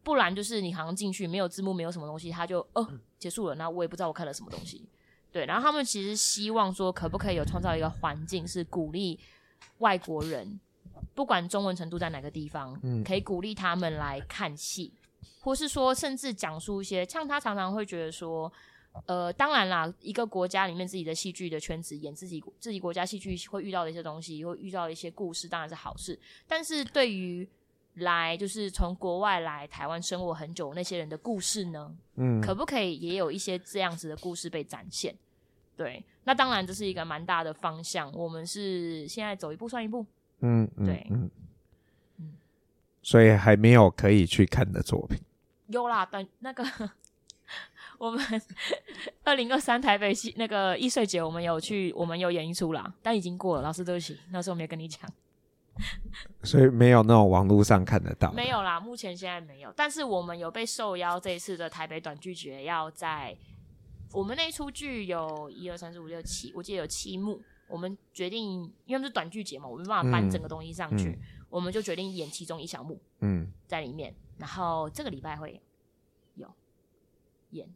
不然就是你好像進去沒有字幕，沒有什麼東西，他就哦結束了。那我也不知道我看了什麼東西，對。然後他們其實希望說，可不可以有創造一個環境，是鼓勵外國人，不管中文程度在哪個地方，嗯、可以鼓勵他們來看戲。或是說，甚至講述一些，像他常常會覺得說，呃，當然啦，一個國家裡面自己的戲劇的圈子演，演自己自己國家戲劇會遇到的一些東西，會遇到的一些故事，當然是好事。但是對於來就是從國外來台灣生活很久那些人的故事呢，嗯，可不可以也有一些這樣子的故事被展現？對，那當然這是一個蠻大的方向。我們是現在走一步算一步，嗯嗯，對。嗯嗯所以還沒有可以去看的作品。有啦，但那個我們二零二三台北戲那個藝穗節，我們有去，我們有演一出啦，但已經過了。老師，對不起，那時候沒有跟你講。所以沒有那種網路上看得到。 沒有啦，目前現在沒有。但是我們有被受邀這一次的台北短劇節，要在我們那一出劇有一二三四五六七，我記得有七幕。我們決定，因為是短劇節嘛，我們沒辦法搬整個東西上去。嗯嗯我們就決定演其中一小幕，嗯，在裡面、嗯。然後這個禮拜會有演，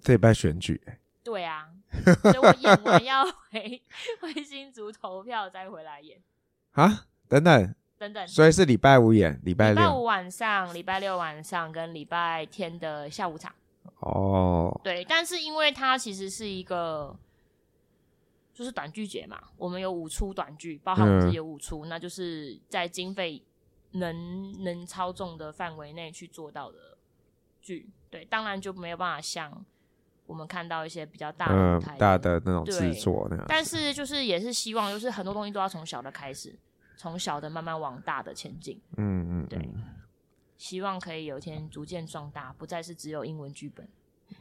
這禮拜選舉、欸？對啊，所以我演完要回新竹投票，再回來演。啊，等等等等，所以是禮拜五演，禮拜六禮拜五晚上，禮拜六晚上跟禮拜天的下午場。哦，對，但是因為它其實是一個。就是短劇節嘛，我們有五出短劇，包含我們自己有五出、嗯，那就是在經費能能操縱的範圍內去做到的劇。對，當然就沒有辦法像我們看到一些比較大的舞台的、嗯、大的那種製作那樣。但是就是也是希望，就是很多東西都要從小的開始，從小的慢慢往大的前進。嗯嗯，對嗯，希望可以有一天逐漸壯大，不再是只有英文劇本。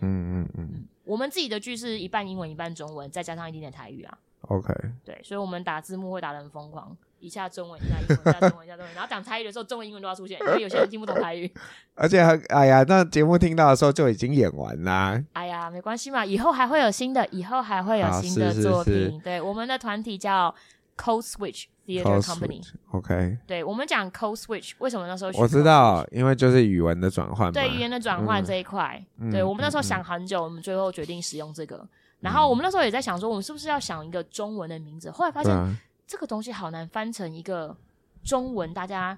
嗯，嗯嗯嗯，我們自己的劇是一半英文一半中文，再加上一點點台語啊。OK，對，所以我們打字幕會打得很瘋狂，一下中文，一下，英文 下中文，一下中文，然後講台語的時候， 中文、英文都要出現，因為有些人聽不懂台語。而且很，哎呀，那節目聽到的時候就已經演完啦，啊。哎呀，沒關係嘛，以後還會有新的，以後還會有新的作品。是是是對，我們的團體叫 Code Switch Theater Company，OK，、okay、對，我們講 Code Switch，為什麼那時候選？我知道，因為就是語文的轉換嘛。對，語言的轉換這一塊、嗯，對，我們那時候想很久、嗯，我們最後決定使用這個、嗯。然後我們那時候也在想說，我們是不是要想一個中文的名字？後來發現、嗯、這個東西好難翻成一個中文，大家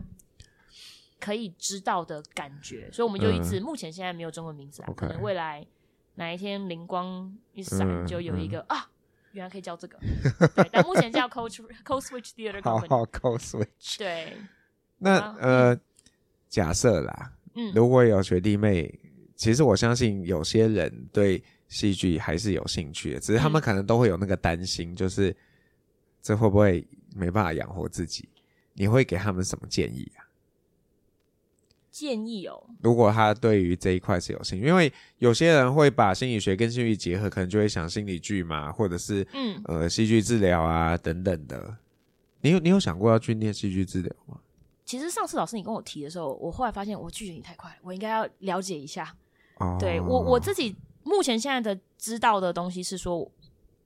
可以知道的感覺。所以我們就一直、嗯、目前現在沒有中文名字啊、嗯。可能未來哪一天靈光一閃、嗯，就有一個、嗯、啊。原來可以叫這個， 對，但目前叫 Code Code Switch Theater Company。Code Switch。對。那、嗯、呃，假設啦，嗯，如果有學弟妹，其實我相信有些人對戲劇還是有興趣的，只是他們可能都會有那個擔心，就是、嗯、這會不會沒辦法養活自己？你會給他們什麼建議啊？建議哦，如果他對於這一塊是有興趣，因為有些人會把心理學跟心理結合，可能就會想心理劇嘛，或者是嗯呃戲劇治療啊等等的。你有你有想過要去念戲劇治療嗎？其實上次老師你跟我提的時候，我後來發現我拒絕你太快了，我應該要了解一下。哦、對我我自己目前現在的知道的東西是說。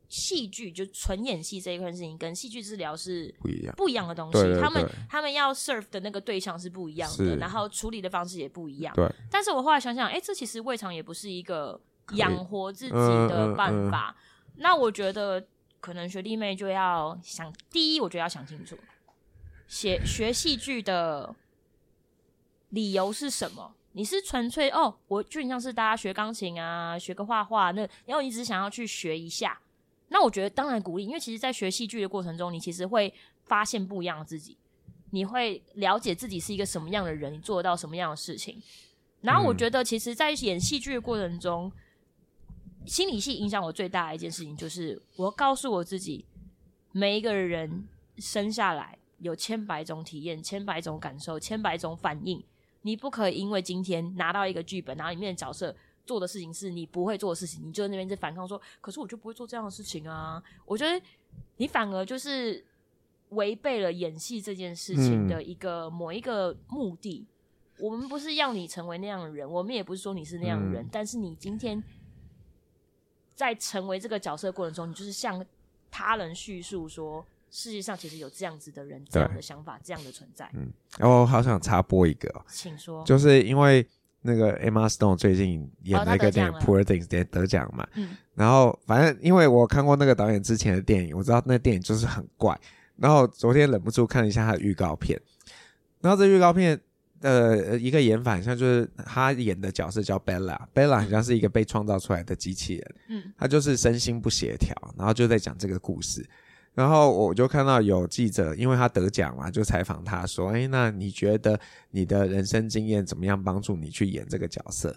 戲劇就純演戲這一塊事情，跟戲劇治療是不一樣不一樣的東西。他們對對對他們要 serve 的那個對象是不一樣的，然後處理的方式也不一樣。對。但是我後來想想，哎、欸，這其實未嘗也不是一個養活自己的辦法、呃呃呃。那我覺得可能學弟妹就要想，第一，我就要想清楚，學學戲劇的理由是什麼？你是純粹哦，我就像是大家學鋼琴啊，學個畫畫，那然後你一直想要去學一下。那我覺得當然鼓勵，因為其實，在學戲劇的過程中，你其實會發現不一樣的自己，你會了解自己是一個什麼樣的人，做到什麼樣的事情。然後，我覺得，其實，在演戲劇的過程中、嗯，心理系影響我最大的一件事情，就是我告訴我自己，每一個人生下來有千百種體驗、千百種感受、千百種反應，你不可以因為今天拿到一個劇本，然後裡面的角色。做的事情是你不會做的事情，你就在那邊在反抗說：“可是我就不會做這樣的事情啊！”我覺得你反而就是違背了演戲這件事情的一個某一個目的。嗯。我們不是要你成為那樣的人，我們也不是說你是那樣的人，嗯。但是你今天在成為這個角色過程中，你就是向他人敘述說：世界上其實有這樣子的人、這樣的想法、這樣的存在。嗯，哦，好想插播一個喔，請說，就是因為。那個 Emma Stone 最近演了一個電影，哦，《Poor Things》得得獎嘛，嗯，然後反正因為我看過那個導演之前的電影，我知道那電影就是很怪，然後昨天忍不住看了一下他的預告片，然後這預告片呃一個演法，好像就是他演的角色叫 Bella，Bella 好 Bella 像是一個被創造出來的機器人，嗯，他就是身心不協調，然後就在講這個故事。然後我就看到有記者，因為他得獎嘛，就採訪他說：“誒、哎，那你覺得你的人生經驗怎麼樣幫助你去演這個角色？”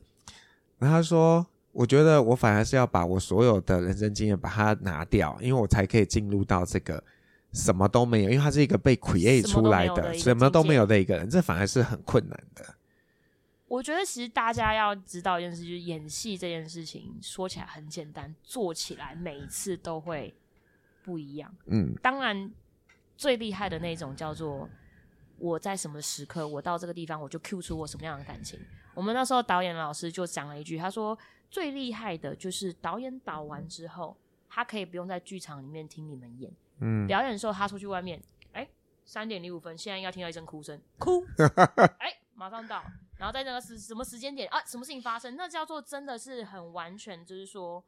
然後他說：“我覺得我反而是要把我所有的人生經驗把它拿掉，因為我才可以進入到這個什麼都沒有，因為他是一個被 create 出來的，什麼都沒有的一個，的一個人，這反而是很困難的。”我覺得其實大家要知道一件事，就是演戲這件事情說起來很簡單，做起來每一次都會。不一樣。嗯，當然最厲害的那種叫做，我在什麼時刻，我到這個地方，我就 Q 出我什麼樣的感情。我們那時候導演老師就講了一句，他說最厲害的就是導演導完之後，他可以不用在劇場裡面聽你們演，嗯，表演的時候他出去外面，哎、欸，三點零五分，現在要聽到一聲哭聲，哭，哎、 欸，馬上到，然後在那個時什麼時間點啊，什麼事情發生，那叫做真的是很完全，就是說。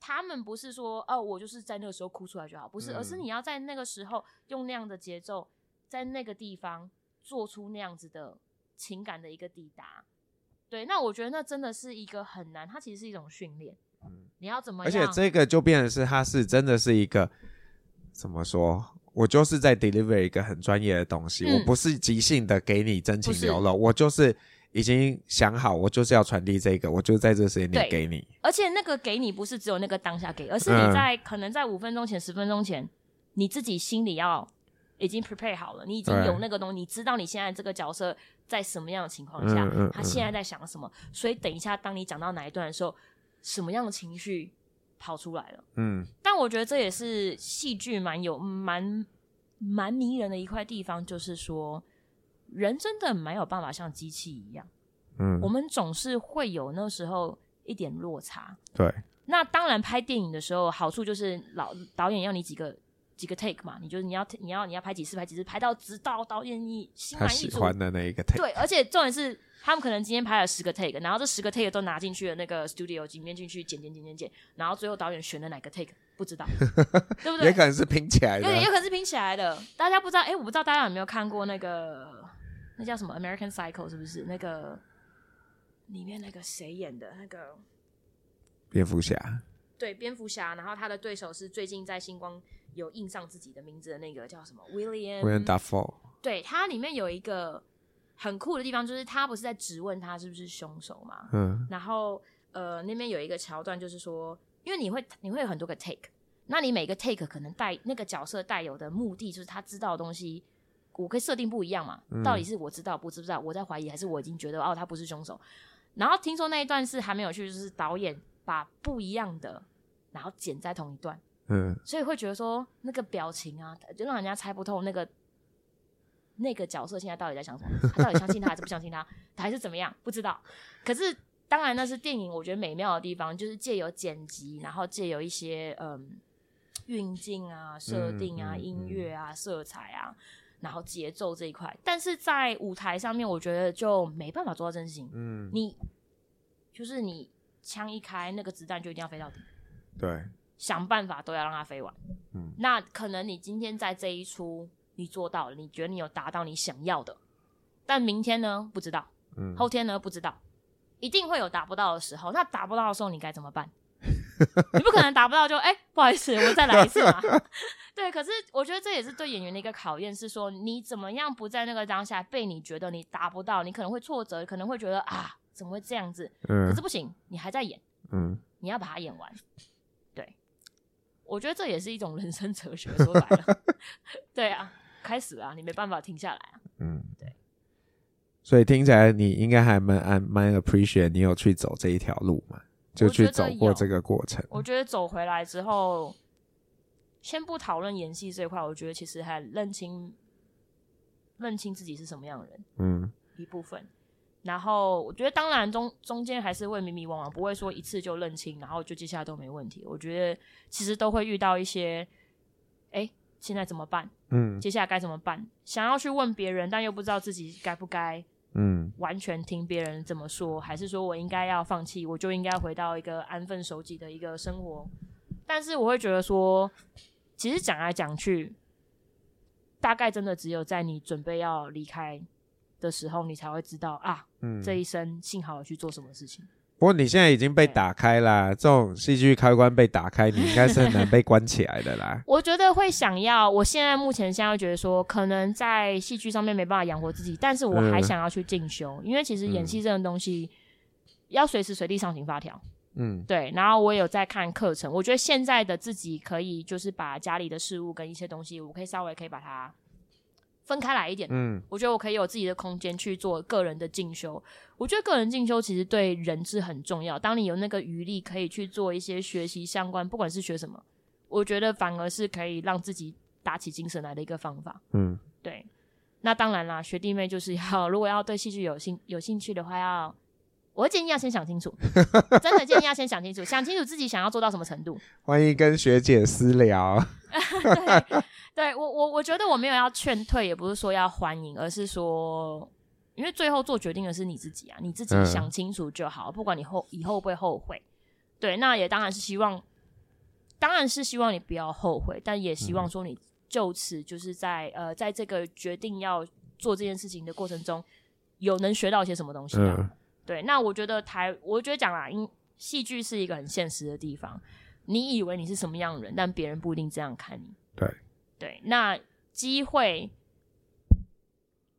他們不是說哦，我就是在那個時候哭出來就好，不是，嗯，而是你要在那個時候用那樣的節奏，在那個地方做出那樣子的情感的一個抵達。對，那我覺得那真的是一個很難，它其實是一種訓練。嗯，你要怎麼樣？而且這個就變成是，它是真的是一個，怎麼說，我就是在 deliver 一個很專業的東西，嗯，我不是即興的給你真情流露，我就是。已經想好，我就是要傳遞這個，我就在這個時間點給你。而且那個給你不是只有那個當下給，而是你在、嗯、可能在五分鐘前、十分鐘前，你自己心裡要已經 prepare 好了，你已經有那個東西、嗯，你知道你現在這個角色在什麼樣的情況下，嗯嗯嗯、他現在在想什麼。所以等一下，當你講到哪一段的時候，什麼樣的情緒跑出來了？嗯。但我覺得這也是戲劇蠻有、蠻蠻迷人的一塊地方，就是說。人真的沒有辦法像機器一樣，嗯，我們總是會有那時候一點落差。對，那當然拍電影的時候，好處就是老導演要你幾個幾個 take 嘛，你就是你要你要你要拍幾次拍幾次，拍到直到導演你心滿意足的那一個 take。對，而且重點是他們可能今天拍了十個 take，然後這十個 take 都拿進去了那個 studio 裡面進去剪剪剪剪剪，然後最後導演選了哪個 take 不知道， 對不對？也可能是拼起來的，對也可能是拼起來的。 大家不知道，哎、欸，我不知道大家有沒有看過那個。那叫什麼 American Psycho 是不是？那個裡面那個誰演的？那個蝙蝠俠。對，蝙蝠俠。然後他的對手是最近在星光有印上自己的名字的那個叫什麼 William, William。William Dafoe。對，他裡面有一個很酷的地方，就是他不是在質問他是不是兇手嘛？嗯。然後呃，那邊有一個橋段，就是說，因為你會你會有很多個 take，那你每個 take 可能帶那個角色帶有的目的，就是他知道的東西。我可以設定不一樣嘛？到底是我知道不知道、嗯、不知道？我在懷疑還是我已經覺得哦，他不是凶手。然後聽說那一段是還沒有去，就是導演把不一樣的，然後剪在同一段，嗯，所以會覺得說那個表情啊，就讓人家猜不透那個那個角色現在到底在想什麼？他到底相信他還是不相信他， 還是怎麼樣？不知道。可是當然那是電影，我覺得美妙的地方就是借由剪輯，然後借由一些嗯運鏡啊、設定啊、嗯嗯嗯、音樂啊、色彩啊。然後節奏這一塊，但是在舞台上面，我覺得就沒辦法做到真心。嗯，你就是你槍一開，那個子彈就一定要飛到底。對，想辦法都要讓它飛完。嗯，那可能你今天在這一出你做到了，你覺得你有達到你想要的，但明天呢，不知道，嗯、後天呢，不知道，一定會有達不到的時候。那達不到的時候你該怎麼辦？ 你不可能達不到就哎、欸，不好意思，我再來一次嘛。 對，可是我覺得這也是對演員的一個考驗，是說你怎麼樣不在那個當下被你覺得你達不到，你可能會挫折，可能會覺得啊，怎麼會這樣子、嗯？可是不行，你還在演，嗯，你要把它演完。對，我覺得這也是一種人生哲學，說白了， 對啊，開始了、啊，你沒辦法停下來啊，嗯，對。所以聽起來你應該還蠻蠻蠻 appreciate 你有去走這一條路嘛，就去走過這個過程。我覺得，我覺得走回來之後。先不討論演戲這一塊，我覺得其實還認清認清自己是什麼樣的人，嗯，一部分。然後我覺得當然中中間還是會迷迷惘惘，不會說一次就認清，然後就接下來都沒問題。我覺得其實都會遇到一些，誒、欸，現在怎麼辦？嗯，接下來該怎麼辦？想要去問別人，但又不知道自己該不該，嗯，完全聽別人怎麼說、嗯，還是說我應該要放棄，我就應該回到一個安分守己的一個生活。但是我會覺得說。其實講來講去，大概真的只有在你準備要離開的時候，你才會知道啊、嗯，這一生幸好有去做什麼事情。不過你現在已經被打開啦，這種戲劇開關被打開，你應該是很難被關起來的啦。 我覺得會想要，我現在目前現在覺得說，可能在戲劇上面沒辦法養活自己，但是我還想要去進修、嗯，因為其實演戲這種東西、嗯、要隨時隨地上緊發條。嗯，對，然後我也有在看課程，我覺得現在的自己可以就是把家裡的事物跟一些東西，我可以稍微可以把它分開來一點。嗯，我覺得我可以有自己的空間去做個人的進修。我覺得個人進修其實對人質很重要，當你有那個餘力可以去做一些學習相關，不管是學什麼，我覺得反而是可以讓自己打起精神來的一個方法。嗯，對。那當然啦，學弟妹就是要，如果要對戲劇有興有興趣的話，要。我建議要先想清楚，真的建議要先想清楚， 想清楚自己想要做到什麼程度。歡迎跟學姐私聊。 對，對我我我覺得我沒有要勸退，也不是說要歡迎，而是說，因為最後做決定的是你自己啊，你自己想清楚就好，嗯、不管你後以後不會後悔。對，那也當然是希望，當然是希望你不要後悔，但也希望說你就此就是在、嗯、呃在這個決定要做這件事情的過程中，有能學到一些什麼東西啊。嗯對，那我覺得台，我覺得講啦，因戲劇是一個很現實的地方。你以為你是什麼樣的人，但別人不一定這樣看你。對對，那機會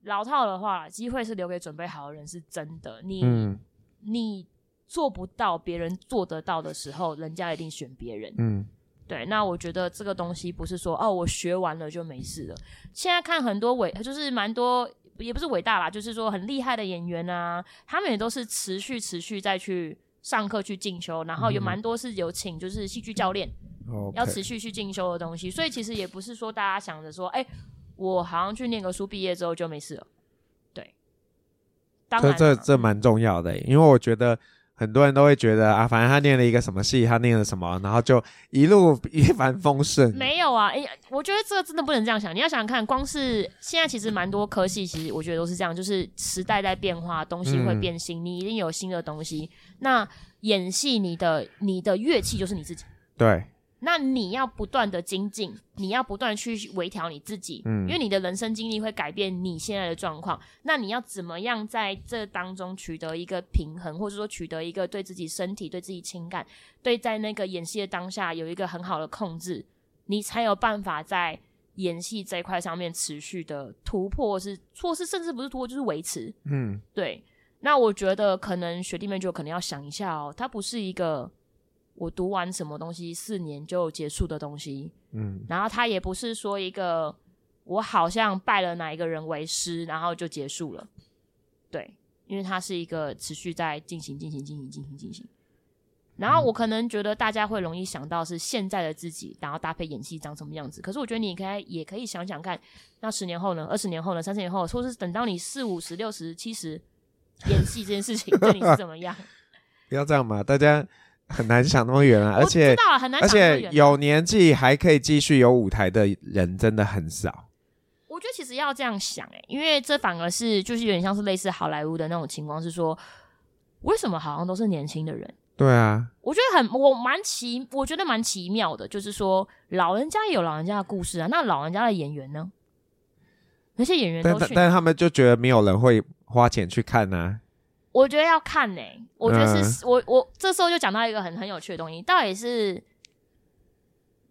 老套的話，機會是留給準備好的人，是真的。你、嗯、你做不到，別人做得到的時候，人家一定選別人。嗯，對。那我覺得這個東西不是說哦，我學完了就沒事了。現在看很多尾，就是蠻多。也不是偉大啦，就是說很厲害的演員啊，他們也都是持續持續再去上課去進修，然後有蠻多是有請就是戲劇教練，要持續去進修的東西，Okay. 所以其實也不是說大家想着說，哎、欸，我好像去念個書，畢業之後就沒事了，對。當然。這這這蠻重要的、欸，因為我覺得。很多人都會覺得啊，反正他念了一個什麼系，他念了什麼，然後就一路一帆風順。沒有啊，哎，我覺得這個真的不能這樣想。你要想想看，光是現在其實蠻多科系，其實我覺得都是這樣，就是時代在變化，東西會變新，嗯、你一定有新的東西。那演戲，你的你的樂器就是你自己。對。那你要不斷的精進，你要不斷去微調你自己，嗯，因為你的人生經歷會改變你現在的狀況。那你要怎麼樣在這當中取得一個平衡，或者說取得一個對自己身體、對自己情感、對在那個演戲的當下有一個很好的控制，你才有辦法在演戲這一塊上面持續的突破是，是或是，甚至不是突破，就是維持。嗯，對。那我覺得可能學弟妹就可能要想一下哦、喔，它不是一個。我讀完什麼東西，四年就結束的東西，嗯，然後他也不是說一個我好像拜了哪一個人為師，然後就結束了，對，因為他是一個持續在進行、進行、進行、進行、進行，然後我可能覺得大家會容易想到是現在的自己，然後搭配演戲長什麼樣子，可是我覺得你應該也可以想想看，那十年後呢？二十年後呢？三十年後，或者是等到你四五十、六十、七十， 演戲這件事情對你是怎麼樣 ？不要這樣嘛，大家。很難想那麼遠啊，而且、啊、而且有年紀還可以繼續有舞台的人真的很少。我覺得其實要這樣想哎、欸，因為這反而是就是有點像是類似好萊塢的那種情況，是說為什麼好像都是年輕的人？對啊，我覺得很，我蠻奇，我覺得蠻奇妙的，就是說老人家也有老人家的故事啊。那老人家的演員呢？那些演員都，但但但，他們就覺得沒有人會花錢去看呢、啊。我覺得要看呢、欸，我覺得是、嗯、我我這時候就講到一個很很有趣的東西，到底是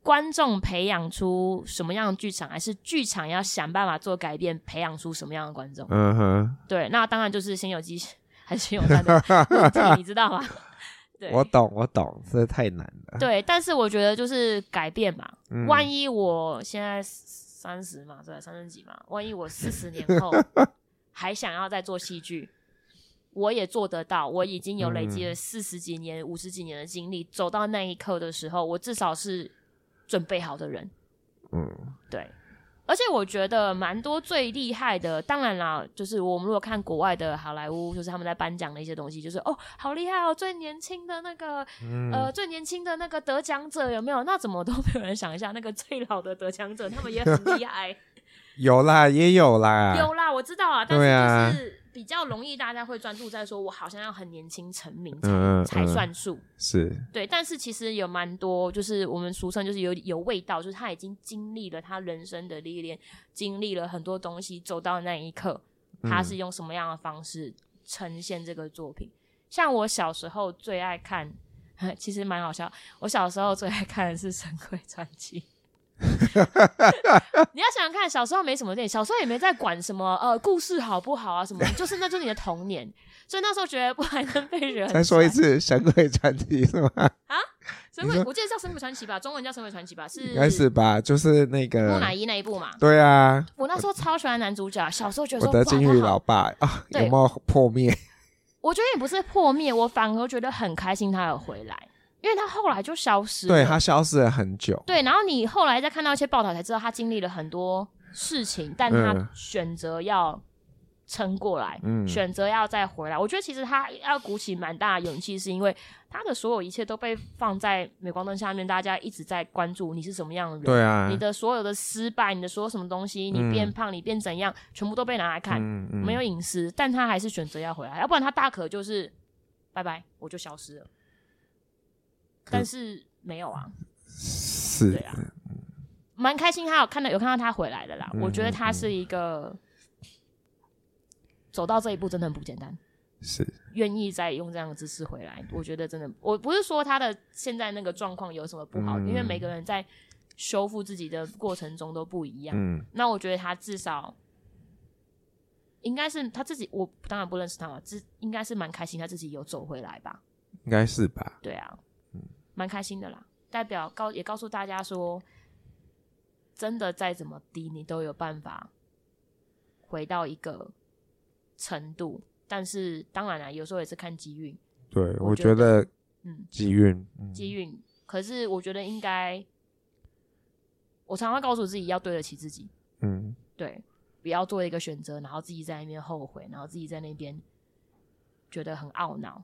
觀眾培養出什麼樣的劇場，還是劇場要想辦法做改變，培養出什麼樣的觀眾？嗯哼，對，那當然就是先有雞還是先有蛋？ 你知道嗎？ 對，我懂，我懂，這太難了。對，但是我覺得就是改變嘛，嗯、萬一我現在三十嘛，對吧？三十幾嘛，萬一我四十年後還想要再做戲劇？ 我也做得到，我已經有累積了四十幾年、嗯、五十幾年的經歷，走到那一刻的時候，我至少是準備好的人。嗯，對。而且我覺得蠻多最厲害的，當然啦，就是我們如果看國外的好萊塢，就是他們在頒獎的一些東西，就是哦，好厲害哦，最年輕的那個，嗯、呃，最年輕的那個得獎者有沒有？那怎麼都沒有人想一下那個最老的得獎者，他們也很厲害。 有啦，也有啦。有啦，我知道啦，但是就是。比較容易，大家會專注在說，我好像要很年輕成名才、嗯、才算數、嗯嗯。是對，但是其實有蠻多，就是我們俗稱就是有有味道，就是他已經經歷了他人生的歷練，經歷了很多東西，走到那一刻，他是用什麼樣的方式呈現這個作品？嗯、像我小時候最愛看，呵其實蠻好笑。我小時候最愛看的是《神鬼傳奇》。 你要想想看，小時候沒什麼電影，小時候也沒在管什麼呃故事，好不好啊，什麼，就是那就是你的童年，所以那時候覺得不還能被人再說一次《神鬼傳奇》是嗎？啊，神《神鬼》，我記得叫《神鬼傳奇》吧，中文叫《神鬼傳奇》吧，是應該是吧，就是那個木乃伊那一部嘛？對啊，我那時候超喜歡男主角，小時候覺得我的金魚老爸啊，有沒有破滅？我覺得也不是破滅，我反而覺得很開心他有回來。因為他後來就消失了對，對他消失了很久。對，然後你後來再看到一些報道，才知道他經歷了很多事情，但他選擇要撐過來，嗯，選擇要再回來。我覺得其實他要鼓起蠻大的勇氣，是因為他的所有一切都被放在鎂光燈下面，大家一直在關注你是什麼樣的人，對啊，你的所有的失敗，你的所有什麼東西，你變胖，你變怎樣，全部都被拿來看，嗯嗯，沒有隱私。但他還是選擇要回來，要不然他大可就是拜拜，我就消失了。但是沒有啊，是，對啊，蠻開心，他有看到，有看到他回來的啦，嗯。我覺得他是一個走到這一步真的很不簡單，是，願意再用這樣的姿勢回來，我覺得真的，我不是說他的現在那個狀況有什麼不好，嗯，因為每個人在修復自己的過程中都不一樣，嗯，那我覺得他至少應該是他自己，我當然不認識他嘛，這應該是蠻開心，他自己有走回來吧，應該是吧，對啊。蠻開心的啦，代表告也告訴大家說，真的再怎麼低，你都有辦法回到一個程度。但是當然啦、啊，有時候也是看機運。對，我覺得，覺得嗯，機運，機運、嗯。可是我覺得應該，我常常告訴自己要對得起自己。嗯，對，不要做一個選擇，然後自己在那邊後悔，然後自己在那邊覺得很懊惱。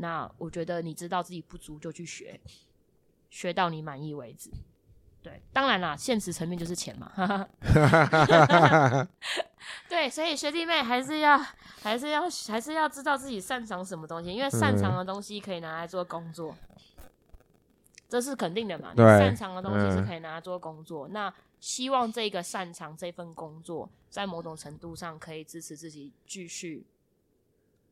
那我覺得你知道自己不足就去學，學到你滿意為止。對，當然啦，現實層面就是錢嘛。 對，所以學弟妹還是要還是要還是要知道自己擅長什麼東西，因為擅長的東西可以拿來做工作，這是肯定的嘛。對，你擅長的東西是可以拿來做工作。那希望這個擅長這份工作，在某種程度上可以支持自己繼續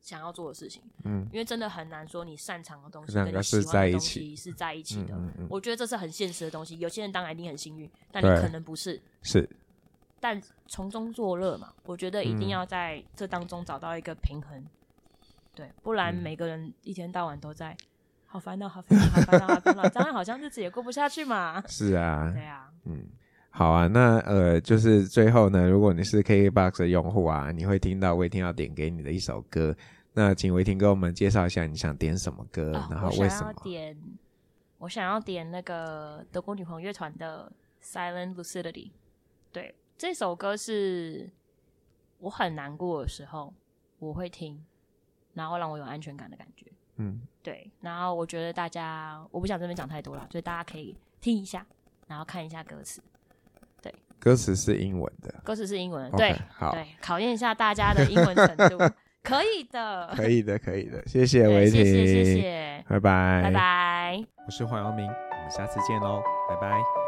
想要做的事情，嗯，因為真的很難說你擅長的東西跟你喜歡的東西是在一起的。嗯嗯嗯嗯。我覺得這是很現實的東西。有些人當然一定很幸運，但你可能不是是，但從中作樂嘛。我覺得一定要在這當中找到一個平衡，嗯、對，不然每個人一天到晚都在好煩惱、好煩惱、好煩惱、好煩惱， 這樣好像日子也過不下去嘛。是啊， 對啊，嗯。好啊，那呃，就是最後呢，如果你是 K Box 的用戶啊，你會聽到偉霆要點給你的一首歌。那請偉霆給我們介紹一下，你想點什麼歌，哦、然後為什麼？我想要點我想要點那個德國女朋樂團的《Silent Lucidity》。對，這首歌是我很難過的時候我會聽，然後讓我有安全感的感覺。嗯，對。然後我覺得大家，我不想這邊講太多了，所以大家可以聽一下，然後看一下歌詞。歌詞是英文的，歌詞是英文的，okay, 對，好，對，考驗一下大家的英文程度， 可以的， 可以的，可以的，謝謝惟婷，謝謝，謝謝，拜拜，拜拜，我是黃陽明，我們下次見嘍，拜拜。